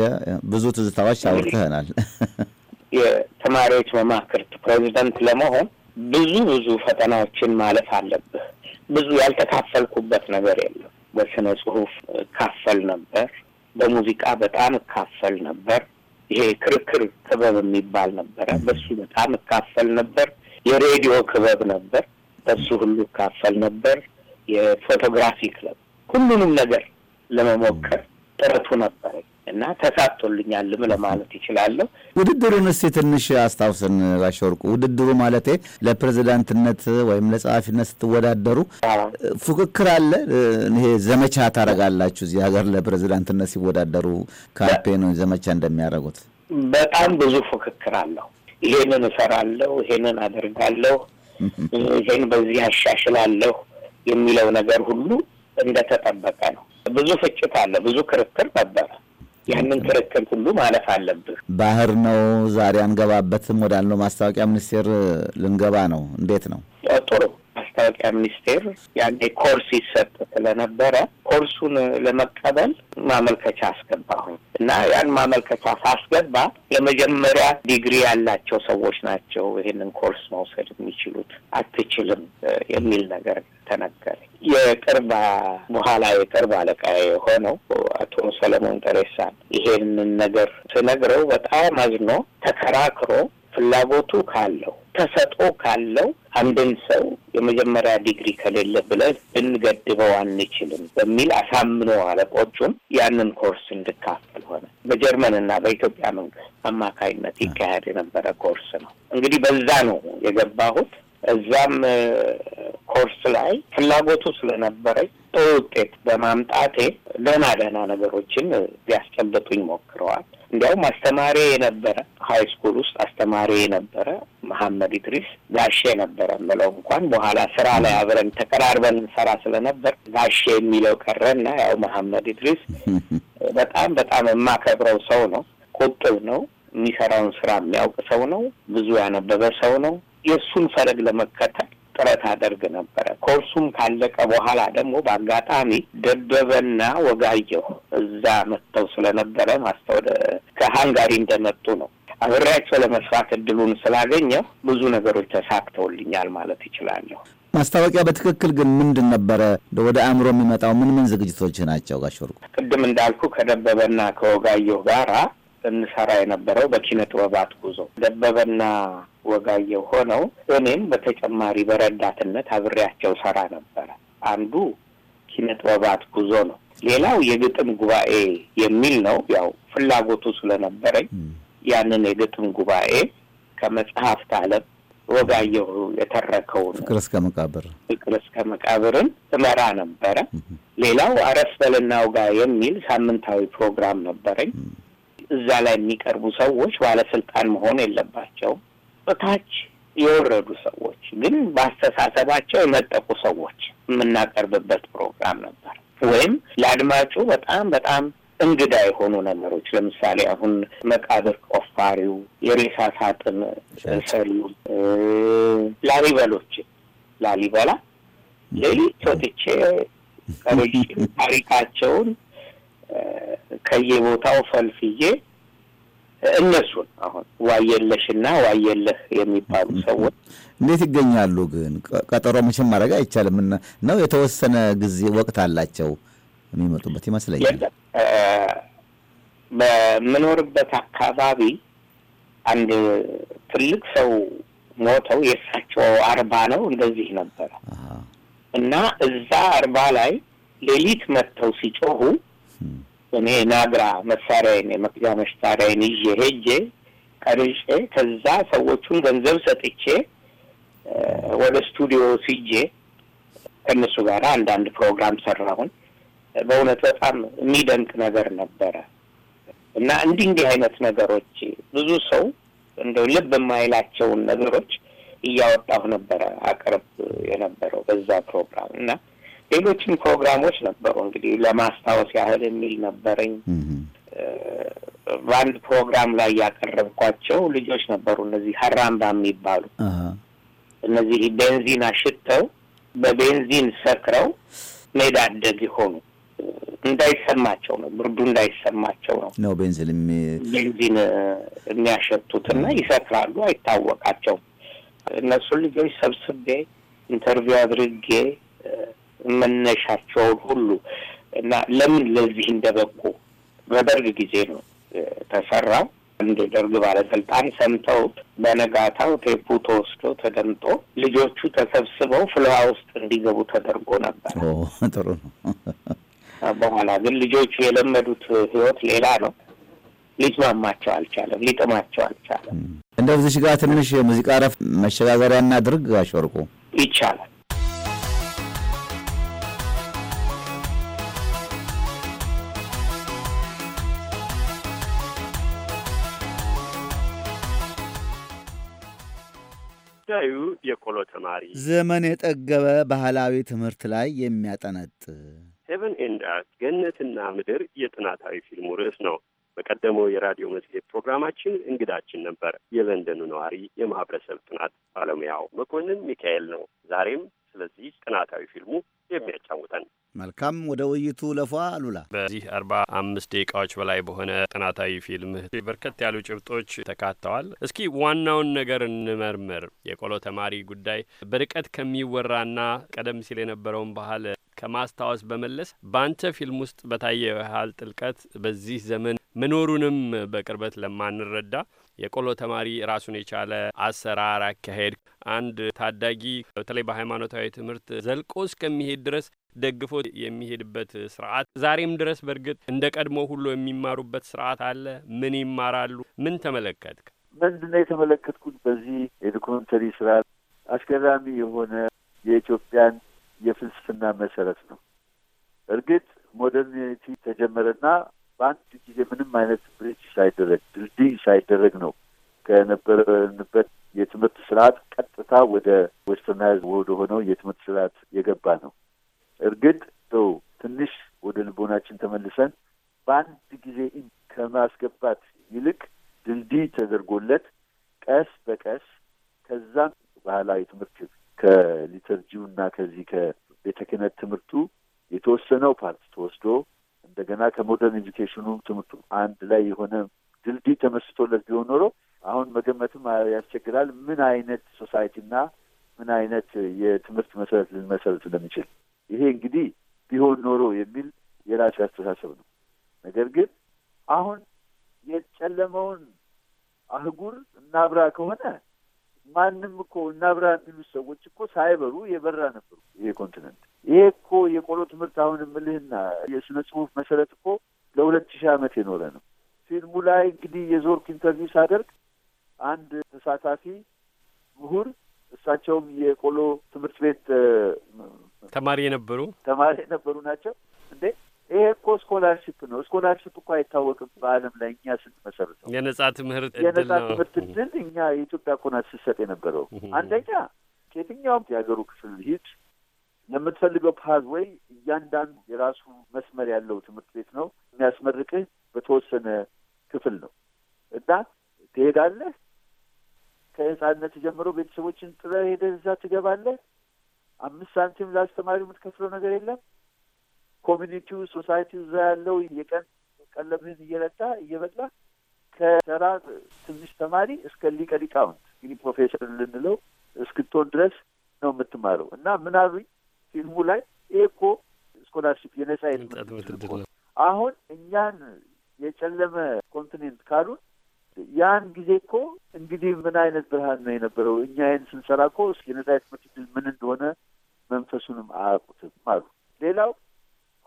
ብዙ ትዝታዎች አውርተህናል። የተማሪዎች መማክርት ፕሬዚደንት ለመሆን ብዙ ብዙ ፈተናዎችን ማለፍ አለብህ። ብዙ ያልተካፈልኩበት ነገር የለም። በስነ ጽሁፍ እካፈል ነበር። በሙዚቃ በጣም እካፈል ነበር። ይሄ ክርክር ክበብ የሚባል ነበረ። በሱ በጣም እካፈል ነበር። የሬዲዮ ክበብ ነበር። በሱ ሁሉ እካፈል ነበር። የፎቶግራፊ ክለብ፣ ሁሉንም ነገር ለመሞከር ጥረቱ ነበር እና ተሳቶልኛል ለማለት ይችላለሁ። ውድድሩን እስቲ ትንሽ አስታውስን ባሸወርቁ። ውድድሩ ማለቴ ለፕሬዚዳንትነት ወይም ለጸሐፊነት ስትወዳደሩ ፉክክር አለ? ይሄ ዘመቻ ታደርጋላችሁ? እዚህ ሀገር ለፕሬዚዳንትነት ሲወዳደሩ ካምፔን ዘመቻ እንደሚያደርጉት በጣም ብዙ ፉክክር አለው። ይሄንን እሰራለሁ፣ ይሄንን አደርጋለሁ፣ ይሄን በዚህ አሻሽላለሁ የሚለው ነገር ሁሉ እንደተጠበቀ ነው። ብዙ ፍጭት አለ፣ ብዙ ክርክር ነበረ። ያንን ክርክር ሁሉ ማለፍ አለብህ። ባህር ነው ዛሬ አንገባበትም ወዳልነው ማስታወቂያ ሚኒስቴር ልንገባ ነው። እንዴት ነው ጥሩ ማስታወቂያ ሚኒስቴር ያኔ ኮርስ ይሰጥ ስለነበረ ኮርሱን ለመቀበል ማመልከቻ አስገባሁኝ እና ያን ማመልከቻ ሳስገባ የመጀመሪያ ዲግሪ ያላቸው ሰዎች ናቸው ይሄንን ኮርስ መውሰድ የሚችሉት፣ አትችልም የሚል ነገር ተነገረ የቅርብ በኋላ የቅርብ አለቃ የሆነው አቶ ሰለሞን ጠሬሳን ይሄንን ነገር ስነግረው በጣም አዝኖ ተከራክሮ ፍላጎቱ ካለው ተሰጦ ካለው አንድን ሰው የመጀመሪያ ዲግሪ ከሌለ ብለን ልንገድበው አንችልም በሚል አሳምኖ አለቆቹን ያንን ኮርስ እንድካፈል ሆነ። በጀርመን እና በኢትዮጵያ መንግስት አማካይነት ይካሄድ የነበረ ኮርስ ነው። እንግዲህ በዛ ነው የገባሁት። እዛም ኮርስ ላይ ፍላጎቱ ስለነበረኝ ጥሩ ውጤት በማምጣቴ ደህና ደህና ነገሮችን ሊያስጨብጡኝ ሞክረዋል። እንዲያውም አስተማሪ የነበረ ሀይ ስኩል ውስጥ አስተማሪ የነበረ መሐመድ ኢድሪስ ጋሼ ነበረ ምለው እንኳን በኋላ ስራ ላይ አብረን ተቀራርበን እንሰራ ስለነበር ጋሼ የሚለው ቀረና ያው መሐመድ ኢድሪስ በጣም በጣም የማከብረው ሰው ነው። ቁጥብ ነው። የሚሰራውን ስራ የሚያውቅ ሰው ነው። ብዙ ያነበበ ሰው ነው። የእሱን ፈለግ ለመከተል ጥረት አደርግ ነበረ። ኮርሱም ካለቀ በኋላ ደግሞ በአጋጣሚ ደበበና ወጋየሁ እዛ መጥተው ስለነበረ ማስታወደ ከሃንጋሪ እንደመጡ ነው አብሬያቸው ለመስራት እድሉን ስላገኘው ብዙ ነገሮች ተሳክተውልኛል ማለት ይችላለሁ። ማስታወቂያ በትክክል ግን ምንድን ነበረ ወደ አእምሮ የሚመጣው? ምን ምን ዝግጅቶች ናቸው? ጋሽ ቅድም እንዳልኩ ከደበበና ከወጋየሁ ጋራ እንሰራ የነበረው በኪነ ጥበባት ጉዞ ደበበና ወጋየሁ ሆነው እኔም በተጨማሪ በረዳትነት አብሬያቸው ሰራ ነበረ። አንዱ ኪነ ጥበባት ጉዞ ነው። ሌላው የግጥም ጉባኤ የሚል ነው። ያው ፍላጎቱ ስለነበረኝ ያንን የግጥም ጉባኤ ከመጽሐፍት ዓለም ወጋየሁ የተረከውን ፍቅር እስከ መቃብር ፍቅር እስከ መቃብርን እመራ ነበረ። ሌላው አረፍ ውጋ የሚል ሳምንታዊ ፕሮግራም ነበረኝ። እዛ ላይ የሚቀርቡ ሰዎች ባለስልጣን መሆን የለባቸውም። በታች የወረዱ ሰዎች ግን በአስተሳሰባቸው የመጠቁ ሰዎች የምናቀርብበት ፕሮግራም ነበር። ወይም ለአድማጩ በጣም በጣም እንግዳ የሆኑ ነገሮች ለምሳሌ አሁን መቃብር ቆፋሪው፣ የሬሳ ሳጥን ሰሪው፣ ላሊበሎች ላሊበላ ሌሊት ሰጥቼ ከሬሽ ታሪካቸውን ከየቦታው ፈልፍዬ እነሱን አሁን ዋየለሽና ዋየለህ የሚባሉ ሰዎች እንዴት ይገኛሉ? ግን ቀጠሮ መቼም ማድረግ አይቻልም ነው የተወሰነ ጊዜ ወቅት አላቸው። የሚመጡበት ይመስለኛል። በምኖርበት አካባቢ አንድ ትልቅ ሰው ሞተው የእሳቸው አርባ ነው እንደዚህ ነበረ እና እዛ አርባ ላይ ሌሊት መጥተው ሲጮሁ እኔ ናግራ መሳሪያዬን የመቅጃ መሳሪያዬን ይዤ ሄጄ ቀርጬ ከዛ ሰዎቹን ገንዘብ ሰጥቼ ወደ ስቱዲዮ ሲጄ ከእነሱ ጋር አንዳንድ ፕሮግራም ሰራሁን። በእውነት በጣም የሚደንቅ ነገር ነበረ እና እንዲህ እንዲህ አይነት ነገሮች ብዙ ሰው እንደው ልብ የማይላቸውን ነገሮች እያወጣሁ ነበረ አቅርብ የነበረው በዛ ፕሮግራም እና ሌሎችም ፕሮግራሞች ነበሩ። እንግዲህ ለማስታወስ ያህል የሚል ነበረኝ። በአንድ ፕሮግራም ላይ ያቀረብኳቸው ልጆች ነበሩ። እነዚህ ሀራምባ የሚባሉ እነዚህ ቤንዚን አሽተው በቤንዚን ሰክረው ሜዳ አደግ የሆኑ እንዳይሰማቸው ነው፣ ብርዱ እንዳይሰማቸው ነው ነው ቤንዚን ቤንዚን የሚያሸቱት ይሰክራሉ፣ አይታወቃቸውም። እነሱን ልጆች ሰብስቤ ኢንተርቪው አድርጌ መነሻቸውን ሁሉ እና ለምን ለዚህ እንደበቁ በደርግ ጊዜ ነው ተሰራው። አንድ ደርግ ባለስልጣን ሰምተው በነጋታው ቴፑ ተወስዶ ተደምጦ ልጆቹ ተሰብስበው ፍልሃ ውስጥ እንዲገቡ ተደርጎ ነበር። ጥሩ ነው። በኋላ ግን ልጆቹ የለመዱት ህይወት ሌላ ነው። ሊስማማቸው አልቻለም። ሊጥማቸው አልቻለም። እንደዚህ ጋር ትንሽ የሙዚቃ ረፍ መሸጋገሪያ እናድርግ። አሸርቁ ይቻላል። ጉዳዩ የቆሎ ተማሪ ዘመን የጠገበ ባህላዊ ትምህርት ላይ የሚያጠነጥ ሄቨን ኤንድ አርት ገነትና ምድር የጥናታዊ ፊልሙ ርዕስ ነው። በቀደመው የራዲዮ መጽሔት ፕሮግራማችን እንግዳችን ነበር የለንደኑ ነዋሪ የማህበረሰብ ጥናት ባለሙያው መኮንን ሚካኤል ነው። ዛሬም ስለዚህ ጥናታዊ ፊልሙ የሚያጫውተን መልካም ወደ ውይይቱ ለፏ አሉላ በዚህ አርባ አምስት ደቂቃዎች በላይ በሆነ ጥናታዊ ፊልም በርከት ያሉ ጭብጦች ተካተዋል። እስኪ ዋናውን ነገር እንመርምር። የቆሎ ተማሪ ጉዳይ በርቀት ከሚወራና ቀደም ሲል የነበረውን ባህል ከማስታወስ በመለስ በአንተ ፊልም ውስጥ በታየው ያህል ጥልቀት በዚህ ዘመን መኖሩንም በቅርበት ለማንረዳ የቆሎ ተማሪ ራሱን የቻለ አሰራር አካሄድ አንድ ታዳጊ በተለይ በሃይማኖታዊ ትምህርት ዘልቆ እስከሚሄድ ድረስ ደግፎ የሚሄድበት ስርዓት ዛሬም ድረስ በእርግጥ እንደ ቀድሞ ሁሉ የሚማሩበት ስርዓት አለ። ምን ይማራሉ? ምን ተመለከትክ? ምንድን ነው የተመለከትኩት? በዚህ የዶኩመንተሪ ስራ አስገራሚ የሆነ የኢትዮጵያን የፍልስፍና መሰረት ነው። እርግጥ ሞደርኒቲ ተጀመረና በአንድ ጊዜ ምንም አይነት ብሪጅ ሳይደረግ ድልድይ ሳይደረግ ነው ከነበረንበት የትምህርት ስርዓት ቀጥታ ወደ ዌስተርናይዝ ወደ ሆነው የትምህርት ስርዓት የገባ ነው። እርግጥ ው ትንሽ ወደ ልቦናችን ተመልሰን በአንድ ጊዜ ከማስገባት ይልቅ ድልድይ ተደርጎለት ቀስ በቀስ ከዛም ባህላዊ ትምህርት ከሊተርጂው እና ከዚህ ከቤተ ክህነት ትምህርቱ የተወሰነው ፓርት ተወስዶ እንደገና ከሞደርን ኤዱኬሽኑ ትምህርቱ አንድ ላይ የሆነ ድልድይ ተመስቶለት ቢሆን ኖሮ አሁን መገመትም ያስቸግራል ምን አይነት ሶሳይቲና ምን አይነት የትምህርት መሰረት ልንመሰረት ስለምችል ይሄ እንግዲህ ቢሆን ኖሮ የሚል የራሱ አስተሳሰብ ነው። ነገር ግን አሁን የጨለመውን አህጉር እናብራ ከሆነ ማንም እኮ እናብራ የሚሉት ሰዎች እኮ ሳይበሩ የበራ ነበሩ ይሄ ኮንቲነንት ይሄ እኮ የቆሎ ትምህርት አሁን የምልህና የስነ ጽሁፍ መሰረት እኮ ለሁለት ሺህ ዓመት የኖረ ነው። ፊልሙ ላይ እንግዲህ የዞርክ ኢንተርቪው ሳደርግ አንድ ተሳታፊ ምሁር እሳቸውም የቆሎ ትምህርት ቤት ተማሪ የነበሩ ተማሪ የነበሩ ናቸው። እንዴ ይሄ እኮ ስኮላርሽፕ ነው። ስኮላርሽፕ እኮ አይታወቅም በዓለም ላይ እኛ ስንመሰርተው የነጻ ትምህርት የነጻ ትምህርት እድል እኛ የኢትዮጵያ እኮ ናት ስትሰጥ የነበረው አንደኛ ከየትኛውም የሀገሩ ክፍል ሂድ ለምትፈልገው ፓዝ ወይ እያንዳንዱ የራሱ መስመር ያለው ትምህርት ቤት ነው የሚያስመርቅህ በተወሰነ ክፍል ነው እና ትሄዳለህ። ከህፃነት ጀምሮ ቤተሰቦችን ጥለህ ሄደ እዛ ትገባለህ። አምስት ሳንቲም ለአስተማሪ የምትከፍለው ነገር የለም። ኮሚኒቲው ሶሳይቲ እዛ ያለው የቀን ቀለብህን እየረታ እየበላ ከሰራ ትንሽ ተማሪ እስከ ሊቀ ሊቃውንት እንግዲህ ፕሮፌሰር ልንለው እስክትሆን ድረስ ነው የምትማረው እና ምን አሉኝ ፊልሙ ላይ ይሄ እኮ ስኮላርሽፕ የነጻ አሁን እኛን የጨለመ ኮንቲኔንት ካሉን ያን ጊዜ እኮ እንግዲህ ምን አይነት ብርሃን ነው የነበረው? እኛ ይህን ስንሰራ እኮ እስኪ የነጻ የትምህርት ዕድል ምን እንደሆነ መንፈሱንም አያውቁትም አሉ። ሌላው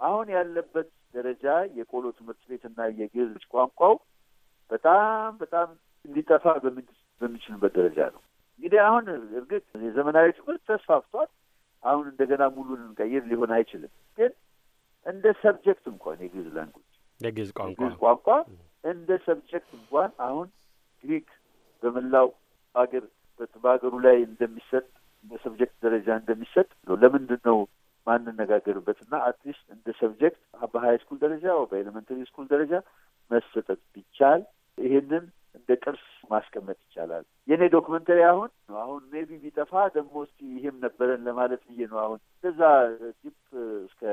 አሁን ያለበት ደረጃ የቆሎ ትምህርት ቤትና የግዕዝ ቋንቋው በጣም በጣም ሊጠፋ በሚችልበት ደረጃ ነው። እንግዲህ አሁን እርግጥ የዘመናዊ ትምህርት ተስፋፍቷል። አሁን እንደገና ሙሉን እንቀይር ሊሆን አይችልም። ግን እንደ ሰብጀክት እንኳን የግዕዝ ላንጉጅ የግዕዝ ቋንቋ ቋንቋ እንደ ሰብጀክት እንኳን አሁን ግሪክ በመላው አገር በሀገሩ ላይ እንደሚሰጥ በሰብጀክት ደረጃ እንደሚሰጥ ነው። ለምንድን ነው ማንነጋገርበት እና አትሊስት እንደ ሰብጀክት በሀይ ስኩል ደረጃ በኤሌመንተሪ ስኩል ደረጃ መሰጠት ቢቻል ይህንን እንደ ቅርስ ማስቀመጥ ይቻላል። የእኔ ዶክመንተሪ አሁን አሁን ሜቢ ቢጠፋ ደግሞ እስኪ ይህም ነበረን ለማለት ብዬ ነው። አሁን እዛ ዲፕ እስከ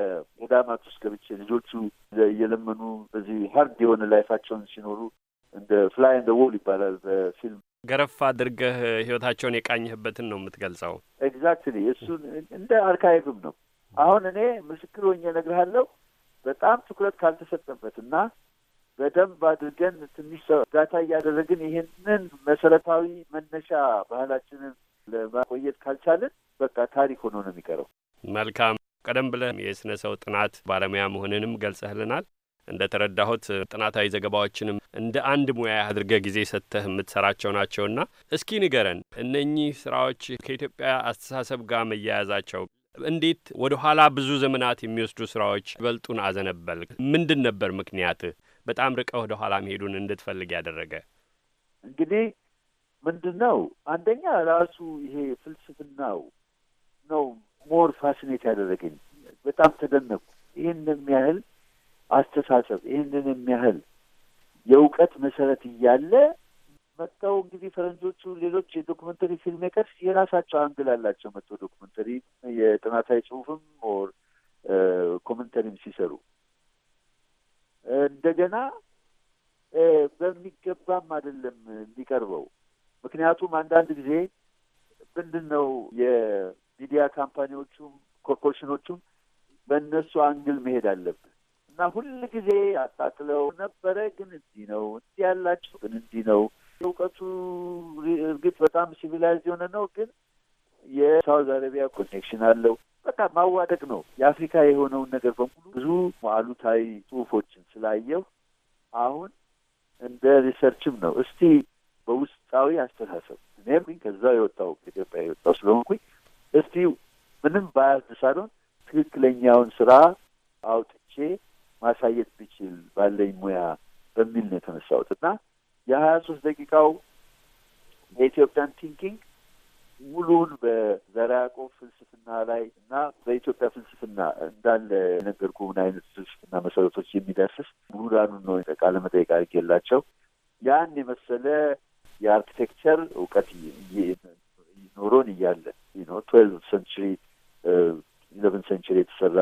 ገዳማት ውስጥ ገብቼ ልጆቹ እየለመኑ በዚህ ሀርድ የሆነ ላይፋቸውን ሲኖሩ እንደ ፍላይ እንደ ዎል ይባላል በፊልም ገረፍ አድርገህ ህይወታቸውን የቃኘህበትን ነው የምትገልጸው። ኤግዛክትሊ እሱን እንደ አርካይቭም ነው። አሁን እኔ ምስክር ሆኜ እነግርሃለሁ። በጣም ትኩረት ካልተሰጠበት እና በደንብ አድርገን ትንሽ እርዳታ እያደረግን ይህንን መሰረታዊ መነሻ ባህላችንን ለማቆየት ካልቻልን በቃ ታሪክ ሆኖ ነው የሚቀረው። መልካም። ቀደም ብለህ የስነ ሰው ጥናት ባለሙያ መሆንንም ገልጸህልናል። እንደ ተረዳሁት ጥናታዊ ዘገባዎችንም እንደ አንድ ሙያ አድርገህ ጊዜ ሰጥተህ የምትሰራቸው ናቸውና እስኪ ንገረን፣ እነኚህ ስራዎች ከኢትዮጵያ አስተሳሰብ ጋር መያያዛቸው እንዴት ወደ ኋላ ብዙ ዘመናት የሚወስዱ ስራዎች ይበልጡን አዘነበል? ምንድን ነበር ምክንያትህ? በጣም ርቀ ወደ ኋላ መሄዱን እንድትፈልግ ያደረገ? እንግዲህ ምንድን ነው አንደኛ ራሱ ይሄ ፍልስፍናው ነው ሞር ፋሲኔት ያደረገኝ። በጣም ተደነቅኩ። ይህን የሚያህል አስተሳሰብ ይህንን የሚያህል የእውቀት መሰረት እያለ መጥተው እንግዲህ ፈረንጆቹ ሌሎች የዶክመንተሪ ፊልም ሜከርስ የራሳቸው አንግል አላቸው። መጥተው ዶክመንተሪ የጥናታዊ ጽሁፍም ኦር ኮመንተሪም ሲሰሩ እንደገና በሚገባም አይደለም የሚቀርበው። ምክንያቱም አንዳንድ ጊዜ ምንድን ነው የሚዲያ ካምፓኒዎቹም ኮርፖሬሽኖቹም በእነሱ አንግል መሄድ አለብን እና ሁል ጊዜ አታክለው ነበረ። ግን እንዲህ ነው እንዲህ ያላቸው ግን እንዲህ ነው። እውቀቱ እርግጥ በጣም ሲቪላይዝ የሆነ ነው፣ ግን የሳውዝ አረቢያ ኮኔክሽን አለው በቃ ማዋደቅ ነው። የአፍሪካ የሆነውን ነገር በሙሉ ብዙ አሉታዊ ጽሁፎችን ስላየው አሁን እንደ ሪሰርችም ነው እስቲ በውስጣዊ አስተሳሰብ እኔም ከዛ የወጣው ከኢትዮጵያ የወጣው ስለሆንኩኝ እስቲ ምንም ባያዝ ሳልሆን ትክክለኛውን ስራ አውጥቼ ማሳየት ብችል ባለኝ ሙያ በሚል ነው የተነሳሁት እና የሀያ ሶስት ደቂቃው የኢትዮጵያን ቲንኪንግ ሙሉን በዘራ ያዕቆብ ፍልስፍና ላይ እና በኢትዮጵያ ፍልስፍና እንዳለ የነገርኩ ምን አይነት ፍልስፍና መሰረቶች የሚደርስስ ምሁራኑን ነው ቃለ መጠይቅ አድርጌላቸው ያን የመሰለ የአርኪቴክቸር እውቀት ኖሮን እያለ ትዌልቭ ሴንቹሪ ኢለቨን ሴንቹሪ የተሰራ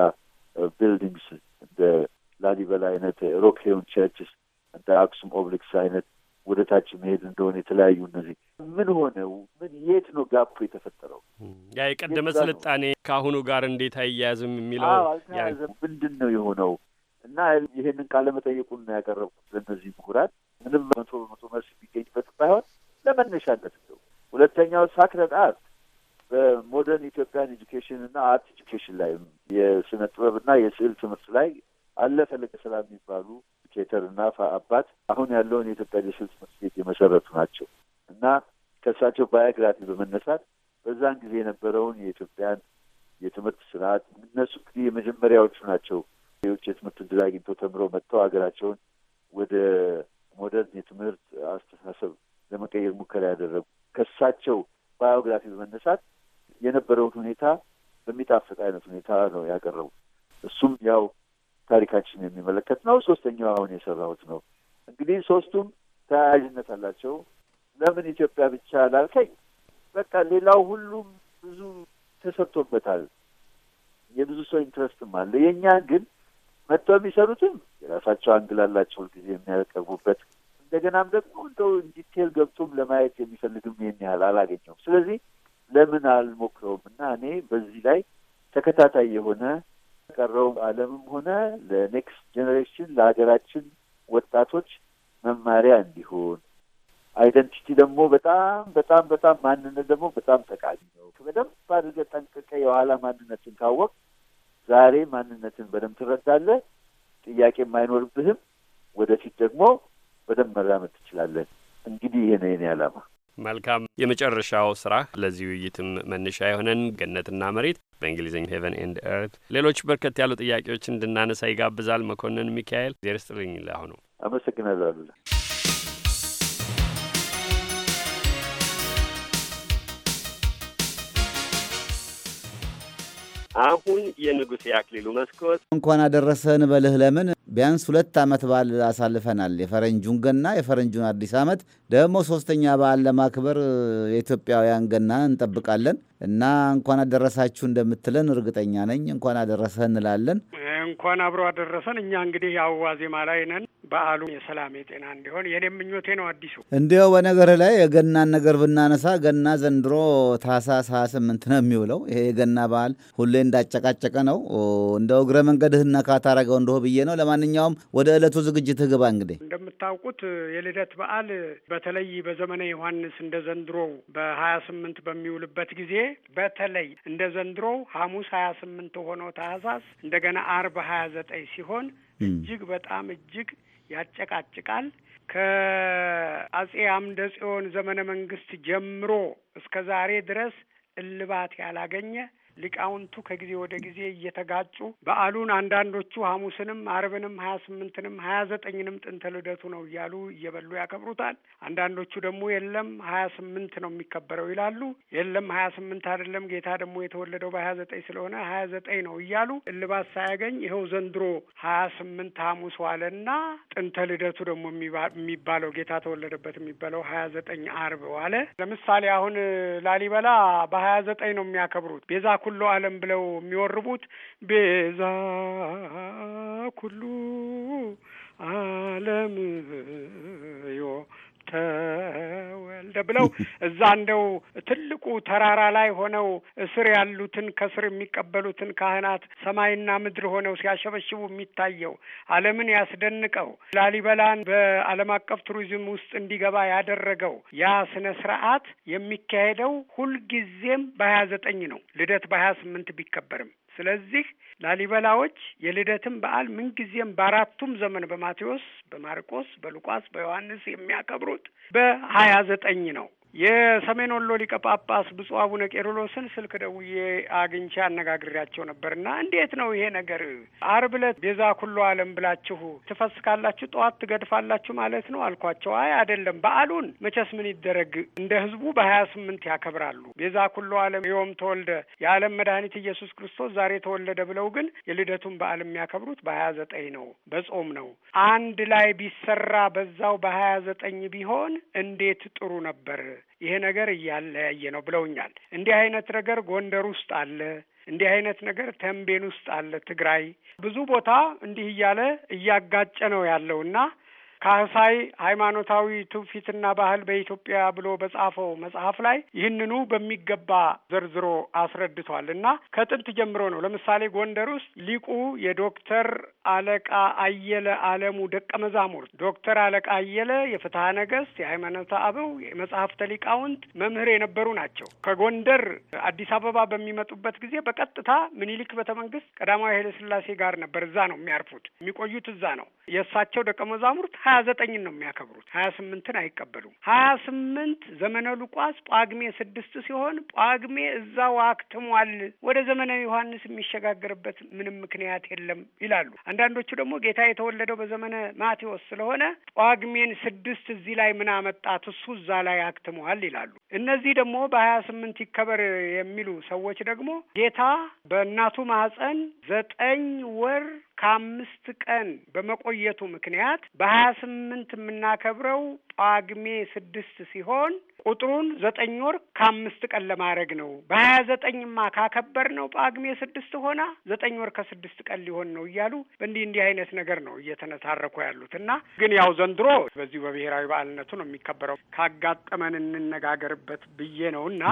ቢልዲንግስ uh, እንደ ላሊበላ አይነት ሮክሄውን uh, ቸርችስ እንደ አክሱም ኦብሊክስ አይነት ወደ ታች መሄድ እንደሆነ የተለያዩ እነዚህ ምን ሆነው ምን የት ነው ጋፕ የተፈጠረው? ያ የቀደመ ስልጣኔ ከአሁኑ ጋር እንዴት አያያዝም የሚለው አልተያያዘም። ምንድን ነው የሆነው? እና ይህንን ቃለመጠየቁን ነው ያቀረብኩት ለእነዚህ ምሁራት። ምንም መቶ በመቶ መልስ የሚገኝበት ባይሆን ለመነሻነት ነው። ሁለተኛው ሳክረድ አርት በሞደርን ኢትዮጵያን ኤጁኬሽን እና አርት ኤጁኬሽን ላይ የስነ ጥበብ እና የስዕል ትምህርት ላይ አለ ፈለቀ ሰላም የሚባሉ ዲክቴተር እና ፋ አባት አሁን ያለውን የኢትዮጵያ ዴሽን ትምህርት ቤት የመሰረቱ ናቸው እና ከእሳቸው ባዮግራፊ በመነሳት በዛን ጊዜ የነበረውን የኢትዮጵያን የትምህርት ስርዓት እነሱ እንግዲህ የመጀመሪያዎቹ ናቸው። ሌሎች የትምህርት ዕድል አግኝተው ተምረው መጥተው ሀገራቸውን ወደ ሞደርን የትምህርት አስተሳሰብ ለመቀየር ሙከራ ያደረጉ ከእሳቸው ባዮግራፊ በመነሳት የነበረውን ሁኔታ በሚጣፍጥ አይነት ሁኔታ ነው ያቀረቡ። እሱም ያው ታሪካችን የሚመለከት ነው። ሶስተኛው አሁን የሰራሁት ነው። እንግዲህ ሶስቱም ተያያዥነት አላቸው። ለምን ኢትዮጵያ ብቻ ላልከኝ፣ በቃ ሌላው ሁሉም ብዙ ተሰርቶበታል። የብዙ ሰው ኢንትረስትም አለ። የእኛ ግን መጥተው የሚሰሩትም የራሳቸው አንግል አላቸው ሁልጊዜ የሚያቀርቡበት እንደገናም ደግሞ እንደው ዲቴል ገብቶም ለማየት የሚፈልግም ይህን ያህል አላገኘውም። ስለዚህ ለምን አልሞክረውም እና እኔ በዚህ ላይ ተከታታይ የሆነ ቀረው ዓለምም ሆነ ለኔክስት ጄኔሬሽን ለሀገራችን ወጣቶች መማሪያ እንዲሆን አይደንቲቲ ደግሞ በጣም በጣም በጣም ማንነት ደግሞ በጣም ጠቃሚ ነው። በደንብ አድርገህ ጠንቅቀህ የኋላ ማንነትን ካወቅ ዛሬ ማንነትን በደንብ ትረዳለህ። ጥያቄ የማይኖርብህም። ወደፊት ደግሞ በደንብ መራመድ ትችላለን። እንግዲህ ይሄ ነው የኔ ዓላማ። መልካም የመጨረሻው ስራ ለዚህ ውይይትም መነሻ የሆነን ገነትና መሬት በእንግሊዝኛ ሄቨን ኤንድ ኤርት፣ ሌሎች በርከት ያሉ ጥያቄዎች እንድናነሳ ይጋብዛል። መኮንን ሚካኤል ዜርስጥልኝ ስጥልኝ። ለአሁኑ አመሰግናለሁ። አሁን የንጉሴ አክሊሉ መስኮት እንኳን አደረሰን በልህ። ለምን ቢያንስ ሁለት ዓመት በዓል አሳልፈናል። የፈረንጁን ገና፣ የፈረንጁን አዲስ ዓመት፣ ደግሞ ሶስተኛ በዓል ለማክበር የኢትዮጵያውያን ገና እንጠብቃለን እና እንኳን አደረሳችሁ እንደምትለን እርግጠኛ ነኝ። እንኳን አደረሰ እንላለን። እንኳን አብሮ አደረሰን። እኛ እንግዲህ የአዋዜማ ላይ ነን። በዓሉ የሰላም የጤና እንዲሆን የኔ ምኞቴ ነው። አዲሱ እንዲያው በነገር ላይ የገናን ነገር ብናነሳ ገና ዘንድሮ ታህሳስ ሀያ ስምንት ነው የሚውለው። ይሄ የገና በዓል ሁሌ እንዳጨቃጨቀ ነው። እንደው እግረ መንገድህ ነካ ታረገው እንደሆ ብዬ ነው። ለማንኛውም ወደ ዕለቱ ዝግጅትህ ግባ። እንግዲህ እንደምታውቁት የልደት በዓል በተለይ በዘመነ ዮሐንስ እንደ ዘንድሮው በሀያ ስምንት በሚውልበት ጊዜ በተለይ እንደ ዘንድሮው ሐሙስ ሀያ ስምንት ሆኖ ታህሳስ እንደገና አርብ ሀያ ዘጠኝ ሲሆን እጅግ በጣም እጅግ ያጨቃጭቃል። ከአጼ አምደ ጽዮን ዘመነ መንግስት ጀምሮ እስከ ዛሬ ድረስ እልባት ያላገኘ ሊቃውንቱ ከጊዜ ወደ ጊዜ እየተጋጩ በዓሉን አንዳንዶቹ ሐሙስንም አርብንም ሀያ ስምንትንም ሀያ ዘጠኝንም ጥንተ ልደቱ ነው እያሉ እየበሉ ያከብሩታል። አንዳንዶቹ ደግሞ የለም ሀያ ስምንት ነው የሚከበረው ይላሉ። የለም ሀያ ስምንት አይደለም ጌታ ደግሞ የተወለደው በሀያ ዘጠኝ ስለሆነ ሀያ ዘጠኝ ነው እያሉ እልባት ሳያገኝ ይኸው ዘንድሮ ሀያ ስምንት ሐሙስ ዋለና ጥንተ ልደቱ ደግሞ የሚባለው ጌታ ተወለደበት የሚባለው ሀያ ዘጠኝ አርብ ዋለ። ለምሳሌ አሁን ላሊበላ በሀያ ዘጠኝ ነው የሚያከብሩት ቤዛ ኩሎ ዓለም ብለው የሚወርቡት ቤዛ ኩሉ ዓለም ዮ ተወልደ ብለው እዛ እንደው ትልቁ ተራራ ላይ ሆነው እስር ያሉትን ከስር የሚቀበሉትን ካህናት ሰማይና ምድር ሆነው ሲያሸበሽቡ የሚታየው ዓለምን ያስደንቀው ላሊበላን በዓለም አቀፍ ቱሪዝም ውስጥ እንዲገባ ያደረገው ያ ስነ ስርዓት የሚካሄደው ሁልጊዜም በሀያ ዘጠኝ ነው። ልደት በሀያ ስምንት ቢከበርም ስለዚህ ላሊበላዎች የልደትን በዓል ምንጊዜም በአራቱም ዘመን በማቴዎስ፣ በማርቆስ፣ በሉቃስ፣ በዮሐንስ የሚያከብሩት በሀያ ዘጠኝ ነው። የሰሜን ወሎ ሊቀ ጳጳስ ብፁዕ አቡነ ቄርሎስን ስልክ ደውዬ አግኝቼ አነጋግሬያቸው ነበር እንዴት ነው ይሄ ነገር? አርብ ዕለት ቤዛ ኩሎ ዓለም ብላችሁ ትፈስካላችሁ፣ ጠዋት ትገድፋላችሁ ማለት ነው አልኳቸው። አይ አይደለም፣ በዓሉን መቼስ ምን ይደረግ እንደ ህዝቡ በሀያ ስምንት ያከብራሉ። ቤዛ ኩሎ ዓለም ዮም ተወልደ የዓለም መድኃኒት ኢየሱስ ክርስቶስ ዛሬ ተወለደ ብለው ግን የልደቱን በዓል የሚያከብሩት በሀያ ዘጠኝ ነው፣ በጾም ነው። አንድ ላይ ቢሰራ በዛው በሀያ ዘጠኝ ቢሆን እንዴት ጥሩ ነበር። ይሄ ነገር እያለያየ ነው ብለውኛል። እንዲህ አይነት ነገር ጎንደር ውስጥ አለ። እንዲህ አይነት ነገር ተንቤን ውስጥ አለ። ትግራይ ብዙ ቦታ እንዲህ እያለ እያጋጨ ነው ያለው እና ካህሳይ ሃይማኖታዊ ትውፊትና ባህል በኢትዮጵያ ብሎ በጻፈው መጽሐፍ ላይ ይህንኑ በሚገባ ዘርዝሮ አስረድቷል እና ከጥንት ጀምሮ ነው። ለምሳሌ ጎንደር ውስጥ ሊቁ የዶክተር አለቃ አየለ አለሙ ደቀ መዛሙርት ዶክተር አለቃ አየለ የፍትሐ ነገሥት፣ የሃይማኖተ አበው፣ የመጽሐፍተ ሊቃውንት መምህር የነበሩ ናቸው። ከጎንደር አዲስ አበባ በሚመጡበት ጊዜ በቀጥታ ምኒልክ ቤተ መንግስት ቀዳማዊ ኃይለ ሥላሴ ጋር ነበር። እዛ ነው የሚያርፉት፣ የሚቆዩት እዛ ነው። የእሳቸው ደቀ መዛሙርት ሀያ ዘጠኝን ነው የሚያከብሩት፣ ሀያ ስምንትን አይቀበሉም። ሀያ ስምንት ዘመነ ሉቃስ ጳግሜ ስድስት ሲሆን ጳግሜ እዛው አክትሟል። ወደ ዘመነ ዮሐንስ የሚሸጋገርበት ምንም ምክንያት የለም ይላሉ። አንዳንዶቹ ደግሞ ጌታ የተወለደው በዘመነ ማቴዎስ ስለሆነ ጳግሜን ስድስት እዚህ ላይ ምን አመጣት? እሱ እዛ ላይ አክትሟል ይላሉ። እነዚህ ደግሞ በሀያ ስምንት ይከበር የሚሉ ሰዎች ደግሞ ጌታ በእናቱ ማህፀን ዘጠኝ ወር ከአምስት ቀን በመቆየቱ ምክንያት በሀያ ስምንት የምናከብረው ጳግሜ ስድስት ሲሆን ቁጥሩን ዘጠኝ ወር ከአምስት ቀን ለማድረግ ነው። በሀያ ዘጠኝማ ካከበር ነው ጳግሜ ስድስት ሆና ዘጠኝ ወር ከስድስት ቀን ሊሆን ነው እያሉ እንዲህ እንዲህ አይነት ነገር ነው እየተነታረኩ ያሉት እና ግን ያው ዘንድሮ በዚሁ በብሔራዊ በዓልነቱ ነው የሚከበረው። ካጋጠመን እንነጋገርበት ብዬ ነው እና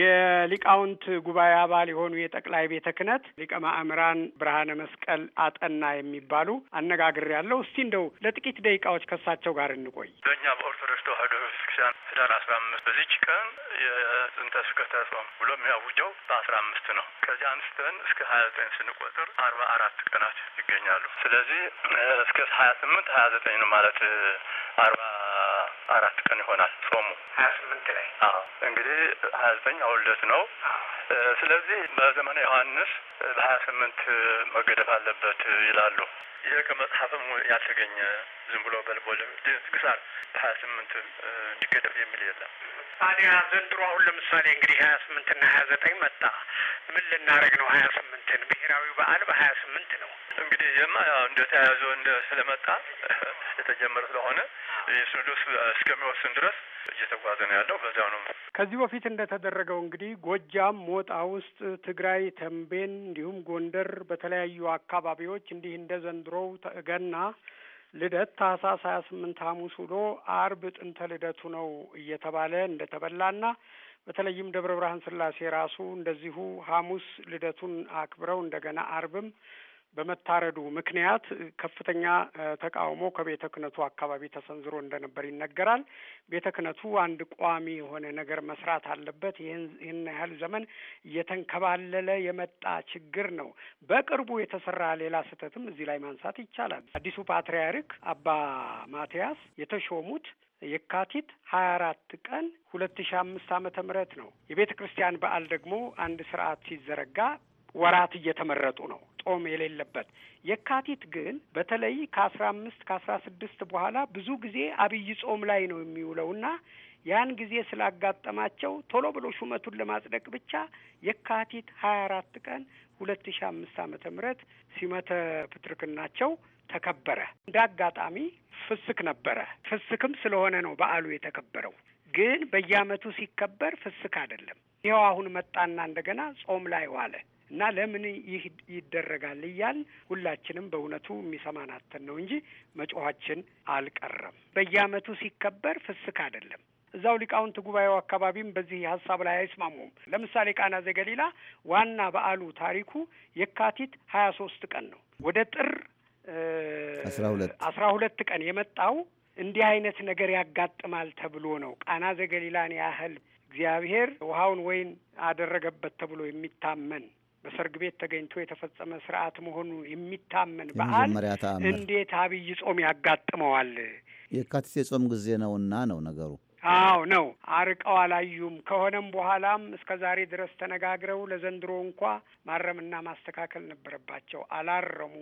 የሊቃውንት ጉባኤ አባል የሆኑ የጠቅላይ ቤተ ክህነት ሊቀ ማእምራን ብርሃነ መስቀል አጠና አና የሚባሉ አነጋግር ያለው እስቲ እንደው ለጥቂት ደቂቃዎች ከሳቸው ጋር እንቆይ። በእኛ በኦርቶዶክስ ተዋህዶ ቤተክርስቲያን ህዳር አስራ አምስት በዚች ቀን የጽንተ ስቅለተ ጾም ብሎ የሚያውጀው በአስራ አምስት ነው። ከዚህ አንስተን እስከ ሀያ ዘጠኝ ስንቆጥር አርባ አራት ቀናት ይገኛሉ። ስለዚህ እስከ ሀያ ስምንት ሀያ ዘጠኝ ነው ማለት አርባ አራት ቀን ይሆናል ጾሙ ሀያ ዘጠኝ አውልደት ነው። ስለዚህ በዘመነ ዮሐንስ በሀያ ስምንት መገደፍ አለበት ይላሉ። ይህ ከመጽሐፍም ያልተገኘ ዝም ብሎ በልቦለድ ግሳር ሀያ ስምንት እንዲገደፍ የሚል የለም። ታዲያ ዘንድሮ አሁን ለምሳሌ እንግዲህ ሀያ ስምንትና ሀያ ዘጠኝ መጣ። ምን ልናደርግ ነው? ሀያ ስምንትን ብሔራዊ በዓል በሀያ ስምንት ነው እንግዲህ ያው እንደ ተያያዘ እንደ ስለመጣ የተጀመረ ስለሆነ ሲኖዶስ እስከሚወስን ድረስ እየተጓዘ ነው ያለው። በዚያው ነው። ከዚህ በፊት እንደተደረገው እንግዲህ ጎጃም ሞጣ ውስጥ፣ ትግራይ ተንቤን፣ እንዲሁም ጎንደር በተለያዩ አካባቢዎች እንዲህ እንደ ዘንድሮው ገና ልደት ታህሳስ ሀያ ስምንት ሐሙስ ውሎ አርብ ጥንተ ልደቱ ነው እየተባለ እንደተበላና በተለይም ደብረ ብርሃን ስላሴ ራሱ እንደዚሁ ሐሙስ ልደቱን አክብረው እንደገና አርብም በመታረዱ ምክንያት ከፍተኛ ተቃውሞ ከቤተ ክህነቱ አካባቢ ተሰንዝሮ እንደነበር ይነገራል። ቤተ ክህነቱ አንድ ቋሚ የሆነ ነገር መስራት አለበት፣ ይህን ያህል ዘመን እየተንከባለለ የመጣ ችግር ነው። በቅርቡ የተሰራ ሌላ ስህተትም እዚህ ላይ ማንሳት ይቻላል። አዲሱ ፓትርያርክ አባ ማትያስ የተሾሙት የካቲት ሀያ አራት ቀን ሁለት ሺ አምስት አመተ ምህረት ነው። የቤተ ክርስቲያን በዓል ደግሞ አንድ ስርዓት ሲዘረጋ ወራት እየተመረጡ ነው ጾም የሌለበት። የካቲት ግን በተለይ ከአስራ አምስት ከአስራ ስድስት በኋላ ብዙ ጊዜ አብይ ጾም ላይ ነው የሚውለውና ያን ጊዜ ስላጋጠማቸው ቶሎ ብሎ ሹመቱን ለማጽደቅ ብቻ የካቲት ሀያ አራት ቀን ሁለት ሺ አምስት አመተ ምህረት ሲመተ ፕትርክናቸው ተከበረ። እንደ አጋጣሚ ፍስክ ነበረ። ፍስክም ስለሆነ ነው በዓሉ የተከበረው። ግን በየአመቱ ሲከበር ፍስክ አይደለም። ይኸው አሁን መጣና እንደገና ጾም ላይ ዋለ። እና ለምን ይህ ይደረጋል እያል ሁላችንም በእውነቱ የሚሰማን ነው እንጂ መጮኋችን አልቀረም። በየአመቱ ሲከበር ፍስክ አይደለም። እዛው ሊቃውንት ጉባኤው አካባቢም በዚህ ሀሳብ ላይ አይስማሙም። ለምሳሌ ቃና ዘገሊላ ዋና በዓሉ ታሪኩ የካቲት ሀያ ሶስት ቀን ነው ወደ ጥር አስራ ሁለት ቀን የመጣው እንዲህ አይነት ነገር ያጋጥማል ተብሎ ነው። ቃና ዘገሊላን ያህል እግዚአብሔር ውሃውን ወይን አደረገበት ተብሎ የሚታመን በሰርግ ቤት ተገኝቶ የተፈጸመ ስርዓት መሆኑ የሚታመን በዓል እንዴት አብይ ጾም ያጋጥመዋል? የካቲት የጾም ጊዜ ነውና ነው ነገሩ። አዎ ነው። አርቀው አላዩም። ከሆነም በኋላም እስከ ዛሬ ድረስ ተነጋግረው ለዘንድሮ እንኳ ማረምና ማስተካከል ነበረባቸው። አላረሙም፣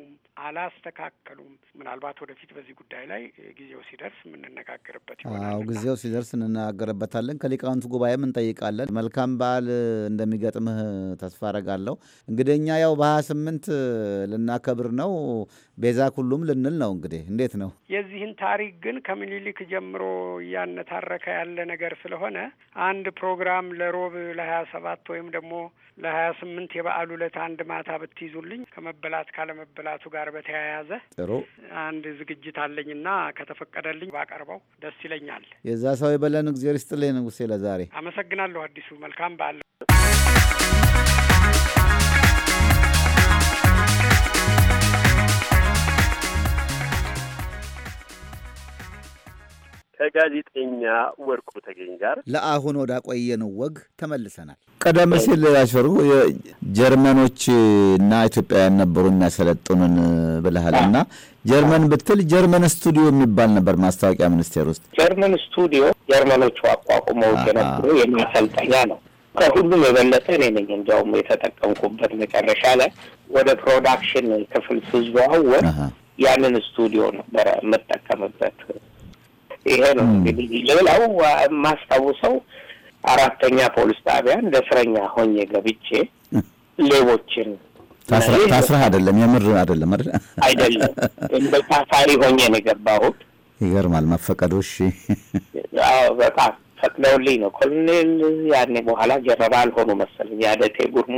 አላስተካከሉም። ምናልባት ወደፊት በዚህ ጉዳይ ላይ ጊዜው ሲደርስ የምንነጋገርበት ይሆናል። አዎ ጊዜው ሲደርስ እንነጋገርበታለን። ከሊቃውንቱ ጉባኤም እንጠይቃለን። መልካም በዓል እንደሚገጥምህ ተስፋ አረጋለሁ። እንግዲህ እኛ ያው በሀያ ስምንት ልናከብር ነው። ቤዛ ሁሉም ልንል ነው እንግዲህ። እንዴት ነው የዚህን ታሪክ ግን ከምኒልክ ጀምሮ እያነታረከ ያለ ነገር ስለሆነ አንድ ፕሮግራም ለሮብ ለሀያ ሰባት ወይም ደግሞ ለሀያ ስምንት የበዓሉ ዕለት አንድ ማታ ብትይዙልኝ ከመበላት ካለመበላቱ ጋር በተያያዘ ጥሩ አንድ ዝግጅት አለኝና ከተፈቀደልኝ ባቀርበው ደስ ይለኛል። የዛ ሰው የበለን እግዜር ይስጥልኝ ንጉሴ። ለዛሬ አመሰግናለሁ። አዲሱ መልካም በዓል። ከጋዜጠኛ ወርቁ ተገኝ ጋር ለአሁን ወደ አቆየነው ወግ ተመልሰናል። ቀደም ሲል አሸሩ ጀርመኖች እና ኢትዮጵያውያን ነበሩ የሚያሰለጥኑን ብለሃል እና ጀርመን ብትል ጀርመን ስቱዲዮ የሚባል ነበር ማስታወቂያ ሚኒስቴር ውስጥ። ጀርመን ስቱዲዮ ጀርመኖቹ አቋቁመው የነበሩ የማሰልጠኛ ነው። ከሁሉም የበለጠ እኔ ነኝ እንዲያውም የተጠቀምኩበት መጨረሻ ላይ ወደ ፕሮዳክሽን ክፍል ስዘዋወር ያንን ስቱዲዮ ነበረ የምጠቀምበት። ይሄ ነው እንግዲህ። ሌላው የማስታውሰው አራተኛ ፖሊስ ጣቢያን ለእስረኛ ሆኜ ገብቼ ሌቦችን ታስረህ አይደለም፣ የምር አይደለም፣ አይደለም እንደ ታሳሪ ሆኜ ነው የገባሁት። ይገርማል መፈቀዱ። እሺ፣ አዎ በጣም ፈቅደውልኝ ነው። ኮሎኔል ያኔ በኋላ ጀነራል ሆኑ መሰለኝ ያደቴ ጉርሙ፣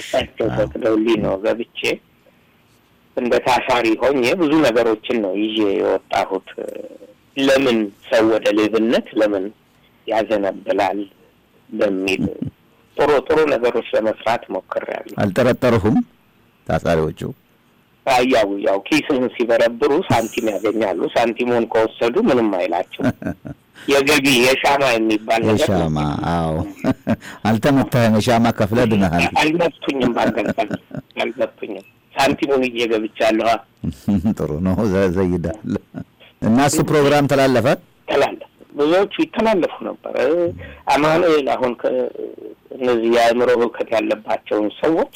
እሳቸው ፈቅደውልኝ ነው ገብቼ እንደ ታሳሪ ሆኜ ብዙ ነገሮችን ነው ይዤ የወጣሁት። ለምን ሰው ወደ ሌብነት ለምን ያዘነብላል በሚል ጥሩ ጥሩ ነገሮች ለመስራት ሞክሬያለሁ። አልጠረጠርሁም። ታሳሪዎቹ ያው ያው ኪስህን ሲበረብሩ ሳንቲም ያገኛሉ። ሳንቲሙን ከወሰዱ ምንም አይላቸው። የገቢ የሻማ የሚባል ነገር ሻማ። አዎ አልተመታህም? የሻማ ከፍለ ድናሃል። አልመቱኝም። ባልገልጠል አልመቱኝም። ሳንቲሙን እየገብቻለሁ። ጥሩ ነው። ዘይዳለ እና እሱ ፕሮግራም ተላለፈ ተላለፈ። ብዙዎቹ ይተላለፉ ነበር። አማኑኤል አሁን እነዚህ የአእምሮ ህውከት ያለባቸውን ሰዎች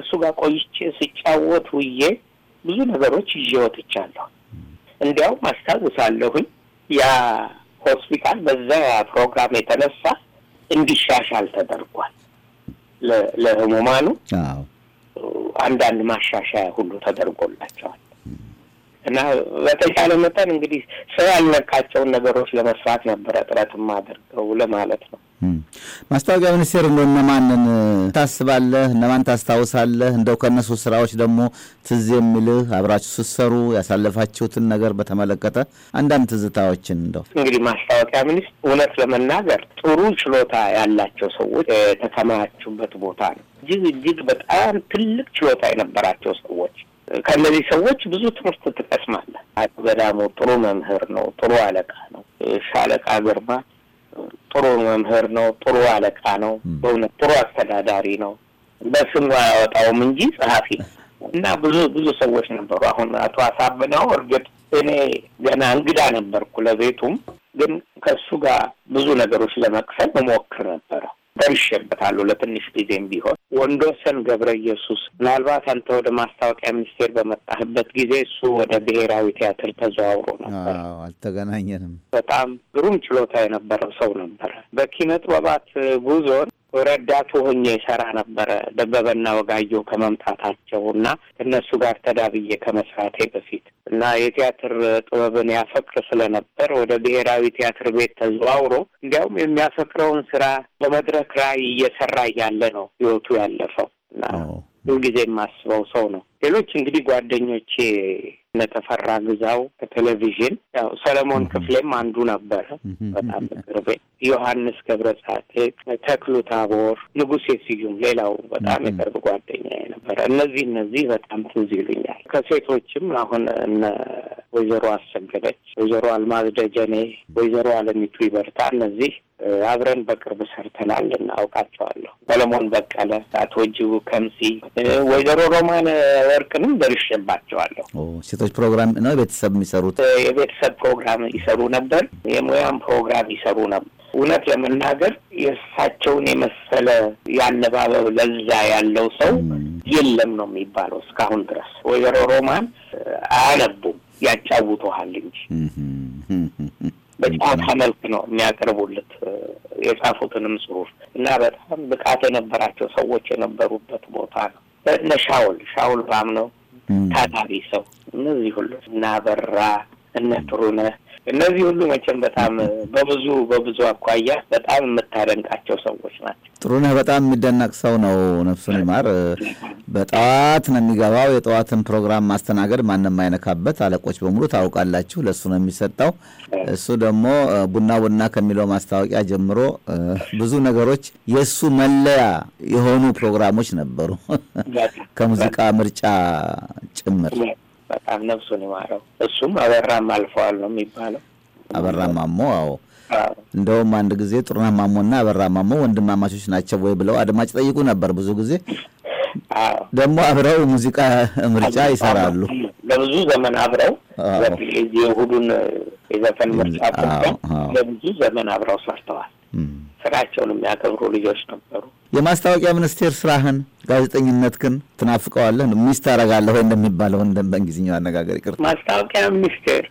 እሱ ጋር ቆይቼ ስጫወት ውዬ ብዙ ነገሮች ይዤ ወጥቻለሁ። እንዲያውም አስታውሳለሁኝ ያ ሆስፒታል በዛ ፕሮግራም የተነሳ እንዲሻሻል ተደርጓል። ለህሙማኑ አንዳንድ ማሻሻያ ሁሉ ተደርጎላቸዋል። እና በተቻለ መጠን እንግዲህ ሰው ያልነካቸውን ነገሮች ለመስራት ነበረ ጥረት የማደርገው ለማለት ነው። ማስታወቂያ ሚኒስቴር እንደ እነማንን ታስባለህ? እነማን ታስታውሳለህ? እንደው ከእነሱ ስራዎች ደግሞ ትዝ የሚልህ አብራችሁ ስትሰሩ ያሳለፋችሁትን ነገር በተመለከተ አንዳንድ ትዝታዎችን እንደው። እንግዲህ ማስታወቂያ ሚኒስት እውነት ለመናገር ጥሩ ችሎታ ያላቸው ሰዎች የተከማቹበት ቦታ ነው። እጅግ እጅግ በጣም ትልቅ ችሎታ የነበራቸው ሰዎች ከእነዚህ ሰዎች ብዙ ትምህርት ትቀስማለህ። አቶ ገዳሙ ጥሩ መምህር ነው፣ ጥሩ አለቃ ነው። ሻለቃ ግርማ ጥሩ መምህር ነው፣ ጥሩ አለቃ ነው። በእውነት ጥሩ አስተዳዳሪ ነው። በስም አያወጣውም እንጂ ጸሐፊ እና ብዙ ብዙ ሰዎች ነበሩ። አሁን አቶ አሳብነው እርግጥ እኔ ገና እንግዳ ነበርኩ ለቤቱም፣ ግን ከእሱ ጋር ብዙ ነገሮች ለመቅሰም እሞክር ነበረ። ደርሼበታለሁ ለትንሽ ጊዜም ቢሆን። ወንዶሰን ገብረ ኢየሱስ ምናልባት አንተ ወደ ማስታወቂያ ሚኒስቴር በመጣህበት ጊዜ እሱ ወደ ብሔራዊ ቲያትር ተዘዋውሮ ነበር። አልተገናኘንም። በጣም ግሩም ችሎታ የነበረው ሰው ነበረ። በኪነ ጥበባት ጉዞን ረዳቱ ሆኜ የሰራ ነበረ ደበበና ወጋየሁ ከመምጣታቸው እና እነሱ ጋር ተዳብዬ ከመስራቴ በፊት እና የቲያትር ጥበብን ያፈቅር ስለነበር ወደ ብሔራዊ ቲያትር ቤት ተዘዋውሮ እንዲያውም የሚያፈቅረውን ስራ በመድረክ ላይ እየሰራ እያለ ነው ህይወቱ ያለፈው እና ሁልጊዜ የማስበው ሰው ነው። ሌሎች እንግዲህ ጓደኞቼ እነ ተፈራ ግዛው ከቴሌቪዥን ያው ሰለሞን ክፍሌም አንዱ ነበረ፣ በጣም ቅርቤ ዮሐንስ ገብረ ተክሉ ታቦር፣ ንጉሴ ስዩም ሌላው በጣም የቅርብ ጓደኛ ነበረ። እነዚህ እነዚህ በጣም ትዝ ይሉኛል። ከሴቶችም አሁን እነ ወይዘሮ አሰገደች፣ ወይዘሮ አልማዝ ደጀኔ፣ ወይዘሮ አለሚቱ ይበርታ እነዚህ አብረን በቅርብ ሰርተናል እናውቃቸዋለሁ። ሰለሞን በቀለ፣ አቶ እጅቡ ከምሲ፣ ወይዘሮ ሮማን ወርቅንም ደርሼባቸዋለሁ። ሴቶች ፕሮግራም ነው የቤተሰብ የሚሰሩት የቤተሰብ ፕሮግራም ይሰሩ ነበር። የሙያም ፕሮግራም ይሰሩ ነበር። እውነት ለመናገር የእሳቸውን የመሰለ የአነባበብ ለዛ ያለው ሰው የለም ነው የሚባለው እስካሁን ድረስ። ወይዘሮ ሮማን አያነቡም ያጫውቱሃል እንጂ በጨዋታ መልክ ነው የሚያቀርቡለት የጻፉትንም ጽሁፍ እና በጣም ብቃት የነበራቸው ሰዎች የነበሩበት ቦታ ነው። እነ ሻውል ሻውል ባም ነው ታታሪ ሰው እነዚህ ሁሉ እነ አበራ እነ ጥሩነህ እነዚህ ሁሉ መቼም በጣም በብዙ በብዙ አኳያ በጣም የምታደንቃቸው ሰዎች ናቸው። ጥሩ ነህ። በጣም የሚደነቅ ሰው ነው። ነፍሱን ይማር። በጠዋት ነው የሚገባው። የጠዋትን ፕሮግራም ማስተናገድ ማንም አይነካበት። አለቆች በሙሉ ታውቃላችሁ፣ ለእሱ ነው የሚሰጠው። እሱ ደግሞ ቡና ቡና ከሚለው ማስታወቂያ ጀምሮ ብዙ ነገሮች የእሱ መለያ የሆኑ ፕሮግራሞች ነበሩ ከሙዚቃ ምርጫ ጭምር በጣም ነፍሱን ይማረው። እሱም አበራም አልፈዋል ነው የሚባለው። አበራ ማሞ። አዎ እንደውም አንድ ጊዜ ጥሩነህ ማሞና አበራ ማሞ ወንድማማቾች ናቸው ወይ ብለው አድማጭ ጠይቁ ነበር። ብዙ ጊዜ ደግሞ አብረው ሙዚቃ ምርጫ ይሰራሉ። ለብዙ ዘመን አብረው የእሑዱን የዘፈን ምርጫ ፕሮግራም ለብዙ ዘመን አብረው ሰርተዋል። ስራቸውን የሚያከብሩ ልጆች ነበሩ። የማስታወቂያ ሚኒስቴር ስራህን ጋዜጠኝነት ግን ትናፍቀዋለህ? ሚስት ታደርጋለህ ወይ እንደሚባለው በእንግሊዝኛው አነጋገር ይቅር። ማስታወቂያ ሚኒስቴር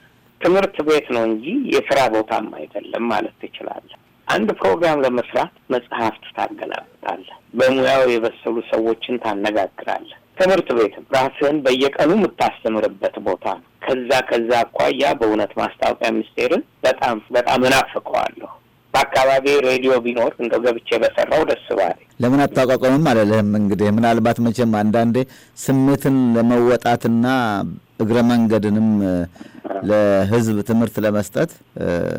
ትምህርት ቤት ነው እንጂ የስራ ቦታም አይደለም ማለት ትችላለህ። አንድ ፕሮግራም ለመስራት መጽሐፍት ታገላብጣለህ። በሙያው የበሰሉ ሰዎችን ታነጋግራለህ። ትምህርት ቤትም ራስህን በየቀኑ የምታስተምርበት ቦታ ነው። ከዛ ከዛ አኳያ በእውነት ማስታወቂያ ሚኒስቴርን በጣም በጣም እናፍቀዋለሁ። በአካባቢ ሬዲዮ ቢኖር እንደ ገብቼ በሰራው ደስ ባለ። ለምን አታቋቋምም አለልህም። እንግዲህ ምናልባት መቼም አንዳንዴ ስሜትን ለመወጣትና እግረ መንገድንም ለህዝብ ትምህርት ለመስጠት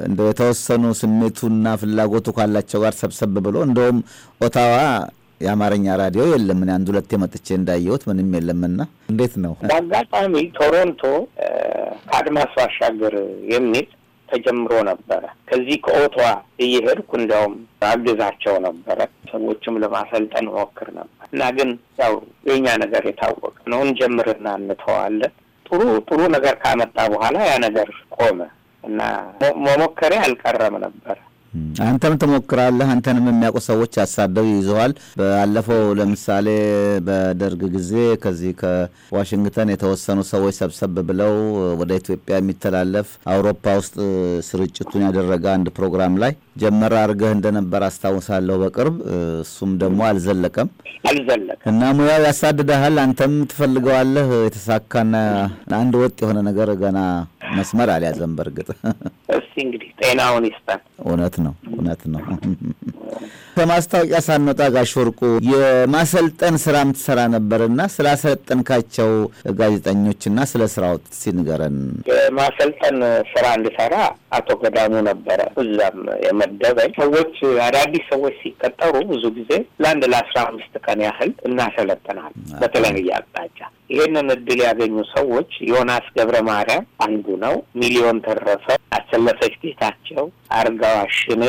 እንደው የተወሰኑ ስሜቱና ፍላጎቱ ካላቸው ጋር ሰብሰብ ብሎ እንደውም ኦታዋ የአማርኛ ራዲዮ የለም። አንድ ሁለቴ መጥቼ እንዳየሁት ምንም የለምና እንዴት ነው? በአጋጣሚ ቶሮንቶ ከአድማስ ባሻገር የሚል ተጀምሮ ነበረ። ከዚህ ከኦቷ እየሄድኩ እንዲያውም አግዛቸው ነበረ። ሰዎችም ለማሰልጠን ሞክር ነበር እና ግን ያው የኛ ነገር የታወቀ ነው፣ እንጀምርና እንተዋለን። ጥሩ ጥሩ ነገር ካመጣ በኋላ ያ ነገር ቆመ እና መሞከሬ አልቀረም ነበረ አንተም ትሞክራለህ። አንተንም የሚያውቁ ሰዎች ያሳደው ይዘዋል። ባለፈው ለምሳሌ በደርግ ጊዜ ከዚህ ከዋሽንግተን የተወሰኑ ሰዎች ሰብሰብ ብለው ወደ ኢትዮጵያ የሚተላለፍ አውሮፓ ውስጥ ስርጭቱን ያደረገ አንድ ፕሮግራም ላይ ጀመር አድርገህ እንደነበር አስታውሳለሁ በቅርብ እሱም ደግሞ አልዘለቀም አልዘለቀም እና ሙያው ያሳድደሃል አንተም ትፈልገዋለህ የተሳካና አንድ ወጥ የሆነ ነገር ገና መስመር አልያዘም በእርግጥ እስቲ እንግዲህ ጤናውን ይስጠን እውነት ነው እውነት ነው ከማስታወቂያ ሳንወጣ ጋሽ ወርቁ የማሰልጠን ስራም ትሰራ ነበርና ስላሰለጠንካቸው ጋዜጠኞችና ስለ ስራው ሲንገረን የማሰልጠን ስራ እንድሰራ አቶ ገዳሙ ነበረ እዛም ስለመደበኝ ሰዎች አዳዲስ ሰዎች ሲቀጠሩ ብዙ ጊዜ ለአንድ ለአስራ አምስት ቀን ያህል እናሰለጥናል በተለያየ አቅጣጫ። ይህንን እድል ያገኙ ሰዎች ዮናስ ገብረ ማርያም አንዱ ነው። ሚሊዮን ተረፈ፣ አሰለፈች ጌታቸው አርጋው አሽኔ፣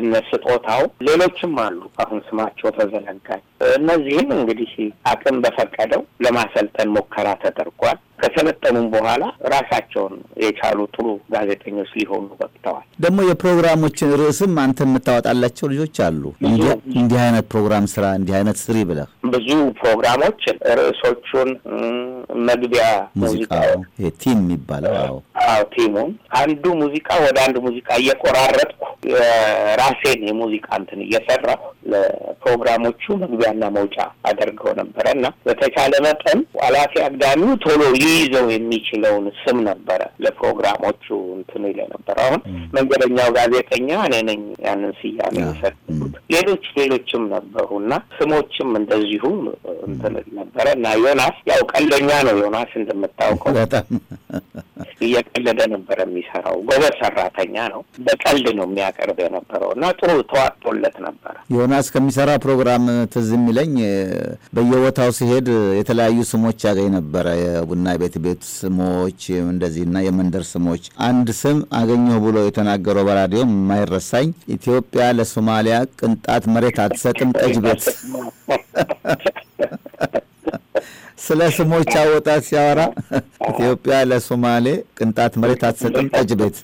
እነ ስጦታው፣ ሌሎችም አሉ። አሁን ስማቸው ተዘነጋኝ። እነዚህም እንግዲህ አቅም በፈቀደው ለማሰልጠን ሙከራ ተደርጓል። ከሰለጠኑም በኋላ ራሳቸውን የቻሉ ጥሩ ጋዜጠኞች ሊሆኑ በቅተዋል። ደግሞ የፕሮግራሞችን ርዕስም አንተ የምታወጣላቸው ልጆች አሉ። እንዲህ አይነት ፕሮግራም ስራ፣ እንዲህ አይነት ስሪ ብለህ ብዙ ፕሮግራሞችን ርዕሶቹን፣ መግቢያ ሙዚቃ ቲም የሚባለው አዎ፣ ቲሙን አንዱ ሙዚቃ ወደ አንዱ ሙዚቃ እየቆራ እያቋረጥኩ የራሴን የሙዚቃ እንትን እየሰራሁ ለፕሮግራሞቹ መግቢያና መውጫ አደርገው ነበረ እና በተቻለ መጠን ኃላፊ አግዳሚው ቶሎ ይይዘው የሚችለውን ስም ነበረ ለፕሮግራሞቹ እንትን ይለ ነበር። አሁን መንገደኛው ጋዜጠኛ እኔ ነኝ ያንን ስያሜ የሰጡት። ሌሎች ሌሎችም ነበሩ እና ስሞችም እንደዚሁ እንትን ነበረ እና ዮናስ ያው ቀልደኛ ነው። ዮናስ እንደምታውቀው እየቀለደ ነበረ የሚሰራው። ጎበዝ ሰራተኛ ነው። በቀ ቀልድ ነው የሚያቀርብ የነበረው እና ጥሩ ተዋጥቶለት ነበረ። ዮናስ ከሚሰራ ፕሮግራም ትዝ የሚለኝ በየቦታው ሲሄድ የተለያዩ ስሞች ያገኝ ነበረ። የቡና ቤት ቤት ስሞች እንደዚህና የመንደር ስሞች። አንድ ስም አገኘሁ ብሎ የተናገረው በራዲዮ የማይረሳኝ ኢትዮጵያ ለሶማሊያ ቅንጣት መሬት አትሰጥም ጠጅ ቤት ስለ ስሞች አወጣት ሲያወራ ኢትዮጵያ ለሶማሌ ቅንጣት መሬት አትሰጥም፣ ጠጅ ቤት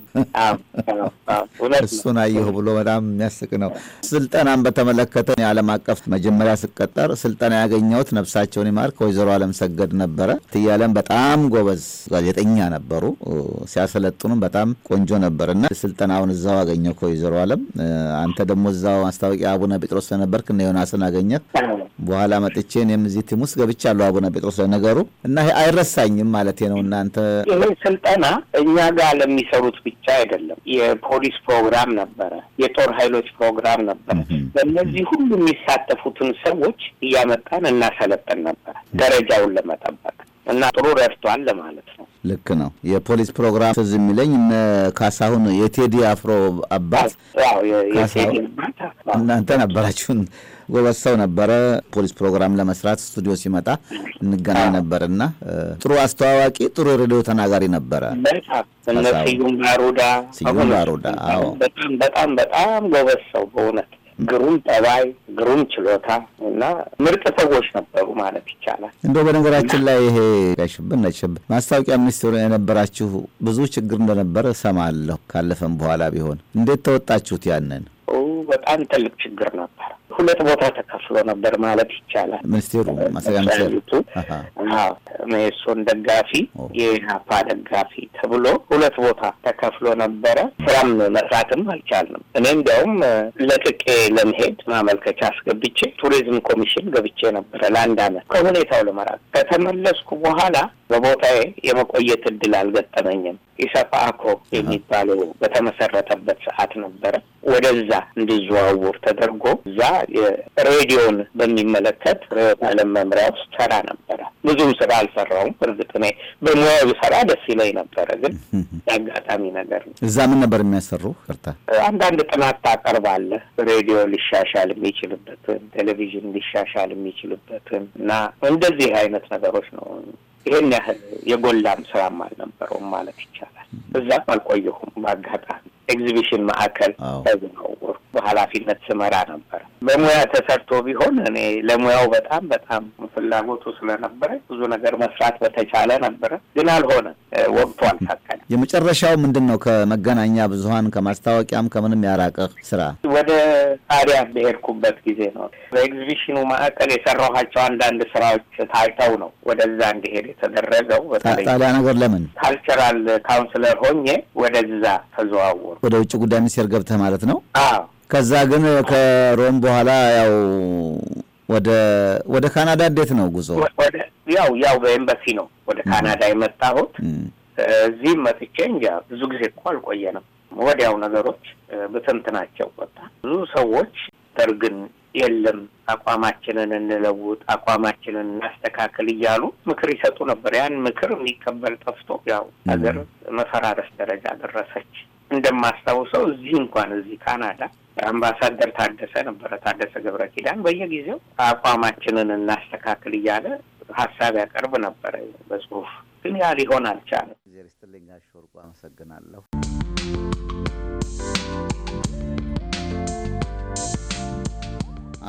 እሱን አየሁ ብሎ በጣም የሚያስቅ ነው። ስልጠናን በተመለከተ የዓለም አቀፍ መጀመሪያ ስቀጠር ስልጠና ያገኘሁት ነፍሳቸውን ይማር ከወይዘሮ አለም ሰገድ ነበረ። ትያለም በጣም ጎበዝ ጋዜጠኛ ነበሩ። ሲያሰለጥኑም በጣም ቆንጆ ነበር እና ስልጠናውን እዛው አገኘሁ ከወይዘሮ አለም። አንተ ደግሞ እዛው ማስታወቂያ አቡነ ጴጥሮስ ስለነበርክ እነ ዮናስን አገኘህ። በኋላ መጥቼ እኔም እዚህ ቲም ውስጥ ገብቻለሁ። አቡነ ጴጥሮስ ለነገሩ እና አይረሳኝም ማለት ነው። እናንተ ይህን ስልጠና እኛ ጋር ለሚሰሩት ብቻ አይደለም። የፖሊስ ፕሮግራም ነበረ፣ የጦር ኃይሎች ፕሮግራም ነበረ። በእነዚህ ሁሉ የሚሳተፉትን ሰዎች እያመጣን እናሰለጠን ነበረ ደረጃውን ለመጠበቅ እና ጥሩ ረድቷል ለማለት ነው። ልክ ነው። የፖሊስ ፕሮግራም ትዝ የሚለኝ እነ ካሳሁን የቴዲ አፍሮ አባት እናንተ ነበራችሁን ጎበዝ ሰው ነበረ። ፖሊስ ፕሮግራም ለመስራት ስቱዲዮ ሲመጣ እንገናኝ ነበር ጥሩ አስተዋዋቂ፣ ጥሩ ሬዲዮ ተናጋሪ ነበረ። ስዩም ባሮዳ ስዩም በጣም በጣም በጣም ጎበዝ ሰው በእውነት ግሩም ጠባይ፣ ግሩም ችሎታ እና ምርጥ ሰዎች ነበሩ ማለት ይቻላል። እንደው በነገራችን ላይ ይሄ ሽብን ነሽብ ማስታወቂያ ሚኒስትሩ የነበራችሁ ብዙ ችግር እንደነበረ እሰማለሁ። ካለፈም በኋላ ቢሆን እንዴት ተወጣችሁት? ያንን በጣም ትልቅ ችግር ነበር። ሁለት ቦታ ተከፍሎ ነበር ማለት ይቻላል። ሚኒስቴሩ ማሰሪያ ሚኒስቴሪቱ መኢሶን ደጋፊ፣ የኢህአፓ ደጋፊ ተብሎ ሁለት ቦታ ተከፍሎ ነበረ። ስራም መስራትም አልቻልንም። እኔ እንዲያውም ለቅቄ ለመሄድ ማመልከቻ አስገብቼ ቱሪዝም ኮሚሽን ገብቼ ነበረ ለአንድ አመት ከሁኔታው ለመራቅ ከተመለስኩ በኋላ በቦታዬ የመቆየት እድል አልገጠመኝም። ኢሰፓኮ የሚባለው በተመሰረተበት ሰዓት ነበረ ወደዛ እንዲዘዋውር ተደርጎ እዛ የሬዲዮን በሚመለከት ርዕዮተ ዓለም መምሪያ ውስጥ ሰራ ነበረ። ብዙም ስራ አልሰራውም። እርግጥ እኔ በሙያው ሰራ ደስ ይለኝ ነበረ፣ ግን የአጋጣሚ ነገር ነው። እዛ ምን ነበር የሚያሰሩ? ቅርታ አንዳንድ ጥናት ታቀርባለህ። ሬዲዮ ሊሻሻል የሚችልበትን፣ ቴሌቪዥን ሊሻሻል የሚችልበትን እና እንደዚህ አይነት ነገሮች ነው። ይህን ያህል የጎላም ስራም አልነበረውም ማለት ይቻላል። እዛም አልቆየሁም። በአጋጣሚ ኤግዚቢሽን ማዕከል ነው በኃላፊነት ስመራ ነበር። በሙያ ተሰርቶ ቢሆን እኔ ለሙያው በጣም በጣም ፍላጎቱ ስለነበረ ብዙ ነገር መስራት በተቻለ ነበረ፣ ግን አልሆነ። ወቅቱ አልታቀለ። የመጨረሻው ምንድን ነው? ከመገናኛ ብዙኃን ከማስታወቂያም ከምንም ያራቀህ ስራ ወደ ታዲያ በሄድኩበት ጊዜ ነው። በኤግዚቢሽኑ ማዕከል የሰራኋቸው አንዳንድ ስራዎች ታይተው ነው ወደዛ እንዲሄድ የተደረገው። ጣሊያ ነገር ለምን ካልቸራል ካውንስለር ሆኜ ወደዛ ተዘዋወሩ። ወደ ውጭ ጉዳይ ሚኒስቴር ገብተህ ማለት ነው? አዎ ከዛ ግን ከሮም በኋላ ያው ወደ ወደ ካናዳ እንዴት ነው ጉዞ? ያው ያው በኤምባሲ ነው ወደ ካናዳ የመጣሁት። እዚህም መጥቼ እንጃ ብዙ ጊዜ እኮ አልቆየንም። ወዲያው ነገሮች ብትንት ናቸው ወጣ። ብዙ ሰዎች ደርግን የለም አቋማችንን እንለውጥ፣ አቋማችንን እናስተካክል እያሉ ምክር ይሰጡ ነበር። ያን ምክር የሚቀበል ጠፍቶ ያው ሀገር መፈራረስ ደረጃ ደረሰች። እንደማስታውሰው እዚህ እንኳን እዚህ ካናዳ አምባሳደር ታደሰ ነበረ ታደሰ ገብረ ኪዳን በየጊዜው አቋማችንን እናስተካክል እያለ ሀሳብ ያቀርብ ነበረ በጽሁፍ ግን ያ ሊሆን አልቻለም። እግዜር ይስጥልኝ አመሰግናለሁ።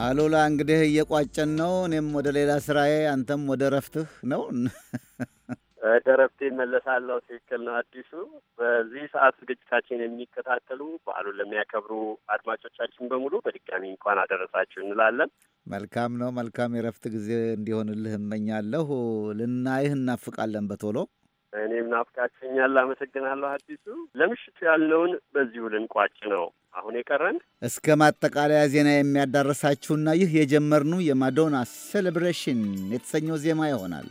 አሉላ እንግዲህ እየቋጨን ነው። እኔም ወደ ሌላ ስራዬ፣ አንተም ወደ ረፍትህ ነው። ደረፍቴ መለሳለሁ። ትክክል ነው አዲሱ። በዚህ ሰዓት ዝግጅታችን የሚከታተሉ በዓሉን ለሚያከብሩ አድማጮቻችን በሙሉ በድጋሚ እንኳን አደረሳችሁ እንላለን። መልካም ነው። መልካም የረፍት ጊዜ እንዲሆንልህ እመኛለሁ። ልናይህ እናፍቃለን በቶሎ። እኔም ናፍቃችኛል። አመሰግናለሁ አዲሱ። ለምሽቱ ያለውን በዚሁ ልንቋጭ ነው። አሁን የቀረን እስከ ማጠቃለያ ዜና የሚያዳረሳችሁና ይህ የጀመርነው የማዶና ሴሌብሬሽን የተሰኘው ዜማ ይሆናል።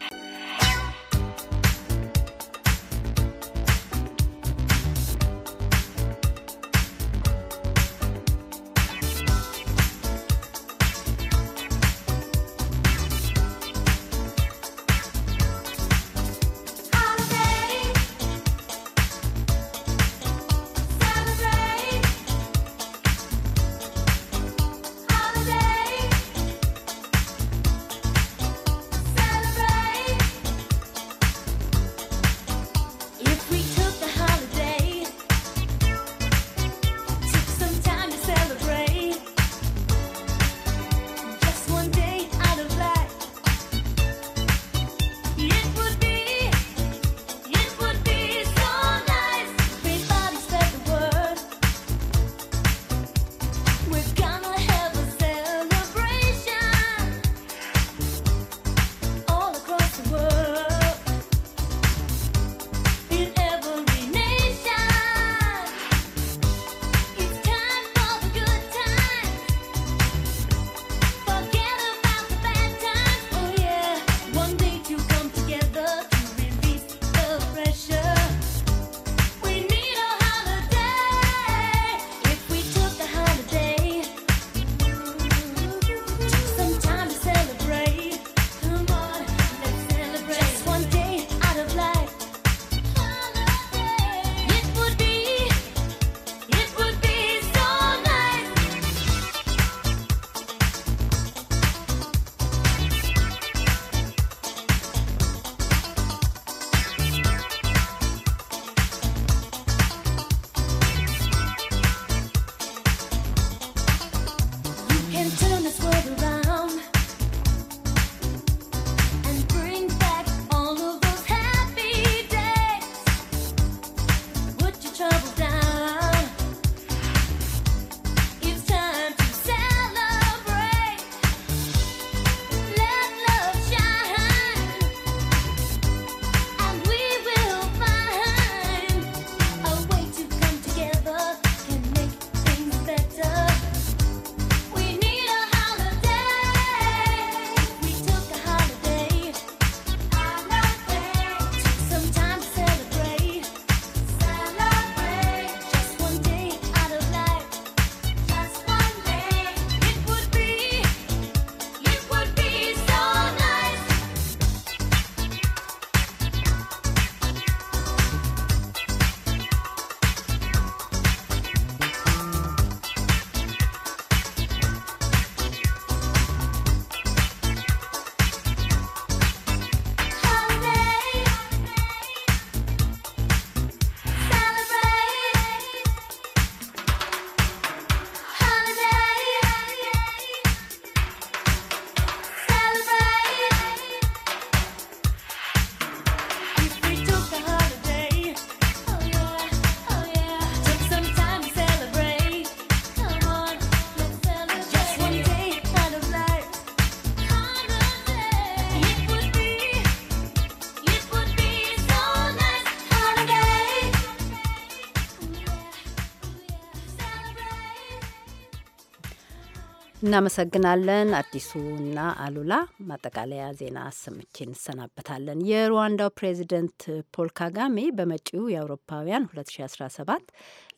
እናመሰግናለን አዲሱና አሉላ። ማጠቃለያ ዜና አሰምቼ እንሰናበታለን። የሩዋንዳው ፕሬዚደንት ፖል ካጋሜ በመጪው የአውሮፓውያን 2017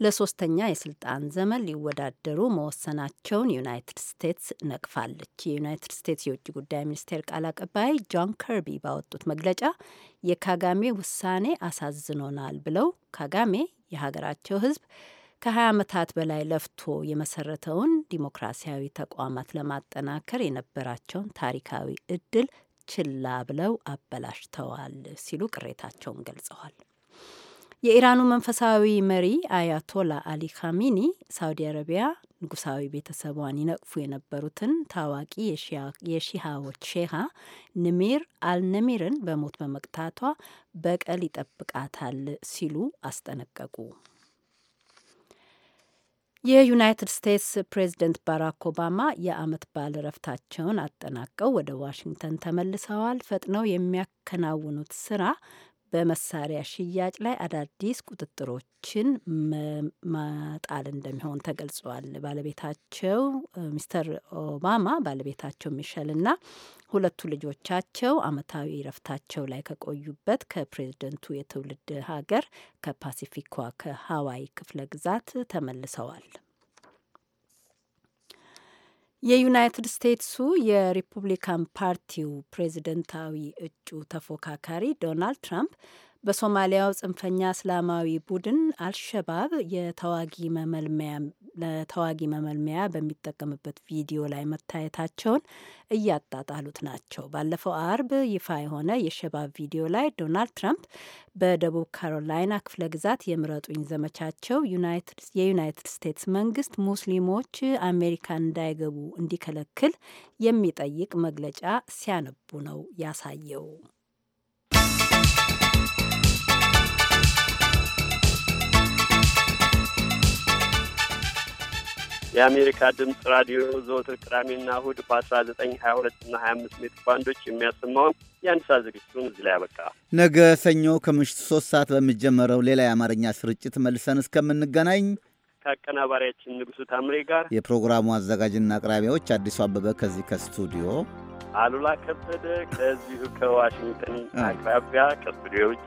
ለሶስተኛ የስልጣን ዘመን ሊወዳደሩ መወሰናቸውን ዩናይትድ ስቴትስ ነቅፋለች። የዩናይትድ ስቴትስ የውጭ ጉዳይ ሚኒስቴር ቃል አቀባይ ጆን ከርቢ ባወጡት መግለጫ የካጋሜ ውሳኔ አሳዝኖናል ብለው ካጋሜ የሀገራቸው ሕዝብ ከ20 ዓመታት በላይ ለፍቶ የመሰረተውን ዲሞክራሲያዊ ተቋማት ለማጠናከር የነበራቸውን ታሪካዊ እድል ችላ ብለው አበላሽተዋል ሲሉ ቅሬታቸውን ገልጸዋል። የኢራኑ መንፈሳዊ መሪ አያቶላ አሊ ካሚኒ ሳውዲ አረቢያ ንጉሳዊ ቤተሰቧን ይነቅፉ የነበሩትን ታዋቂ የሺሃዎች ሼሃ ንሚር አልነሚርን በሞት በመቅታቷ በቀል ይጠብቃታል ሲሉ አስጠነቀቁ። የዩናይትድ ስቴትስ ፕሬዝደንት ባራክ ኦባማ የአመት በዓል እረፍታቸውን አጠናቀው ወደ ዋሽንግተን ተመልሰዋል። ፈጥነው የሚያከናውኑት ስራ በመሳሪያ ሽያጭ ላይ አዳዲስ ቁጥጥሮችን መጣል እንደሚሆን ተገልጿል። ባለቤታቸው ሚስተር ኦባማ ባለቤታቸው ሚሸልና ሁለቱ ልጆቻቸው ዓመታዊ ረፍታቸው ላይ ከቆዩበት ከፕሬዝደንቱ የትውልድ ሀገር ከፓሲፊኳ ከሀዋይ ክፍለ ግዛት ተመልሰዋል። የዩናይትድ ስቴትሱ የሪፑብሊካን ፓርቲው ፕሬዝደንታዊ እጩ ተፎካካሪ ዶናልድ ትራምፕ በሶማሊያው ጽንፈኛ እስላማዊ ቡድን አልሸባብ የተዋጊ መመልመያ ለተዋጊ መመልመያ በሚጠቀምበት ቪዲዮ ላይ መታየታቸውን እያጣጣሉት ናቸው። ባለፈው አርብ ይፋ የሆነ የሸባብ ቪዲዮ ላይ ዶናልድ ትራምፕ በደቡብ ካሮላይና ክፍለ ግዛት የምረጡኝ ዘመቻቸው የዩናይትድ ስቴትስ መንግስት ሙስሊሞች አሜሪካን እንዳይገቡ እንዲከለክል የሚጠይቅ መግለጫ ሲያነቡ ነው ያሳየው። የአሜሪካ ድምፅ ራዲዮ ዘወትር ቅዳሜና እሁድ በ1922 እና 25 ሜትር ባንዶች የሚያሰማውን የአንድ ሰዓት ዝግጅቱን እዚህ ላይ ያበቃ። ነገ ሰኞ ከምሽቱ ሶስት ሰዓት በሚጀመረው ሌላ የአማርኛ ስርጭት መልሰን እስከምንገናኝ ከአቀናባሪያችን ንጉሱ ታምሬ ጋር የፕሮግራሙ አዘጋጅና አቅራቢዎች አዲሱ አበበ ከዚህ ከስቱዲዮ አሉላ ከበደ ከዚሁ ከዋሽንግተን አቅራቢያ ከስቱዲዮ ውጭ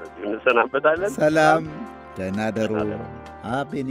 በዚሁ እንሰናበታለን። ሰላም፣ ደህና ደሩ አቤኔ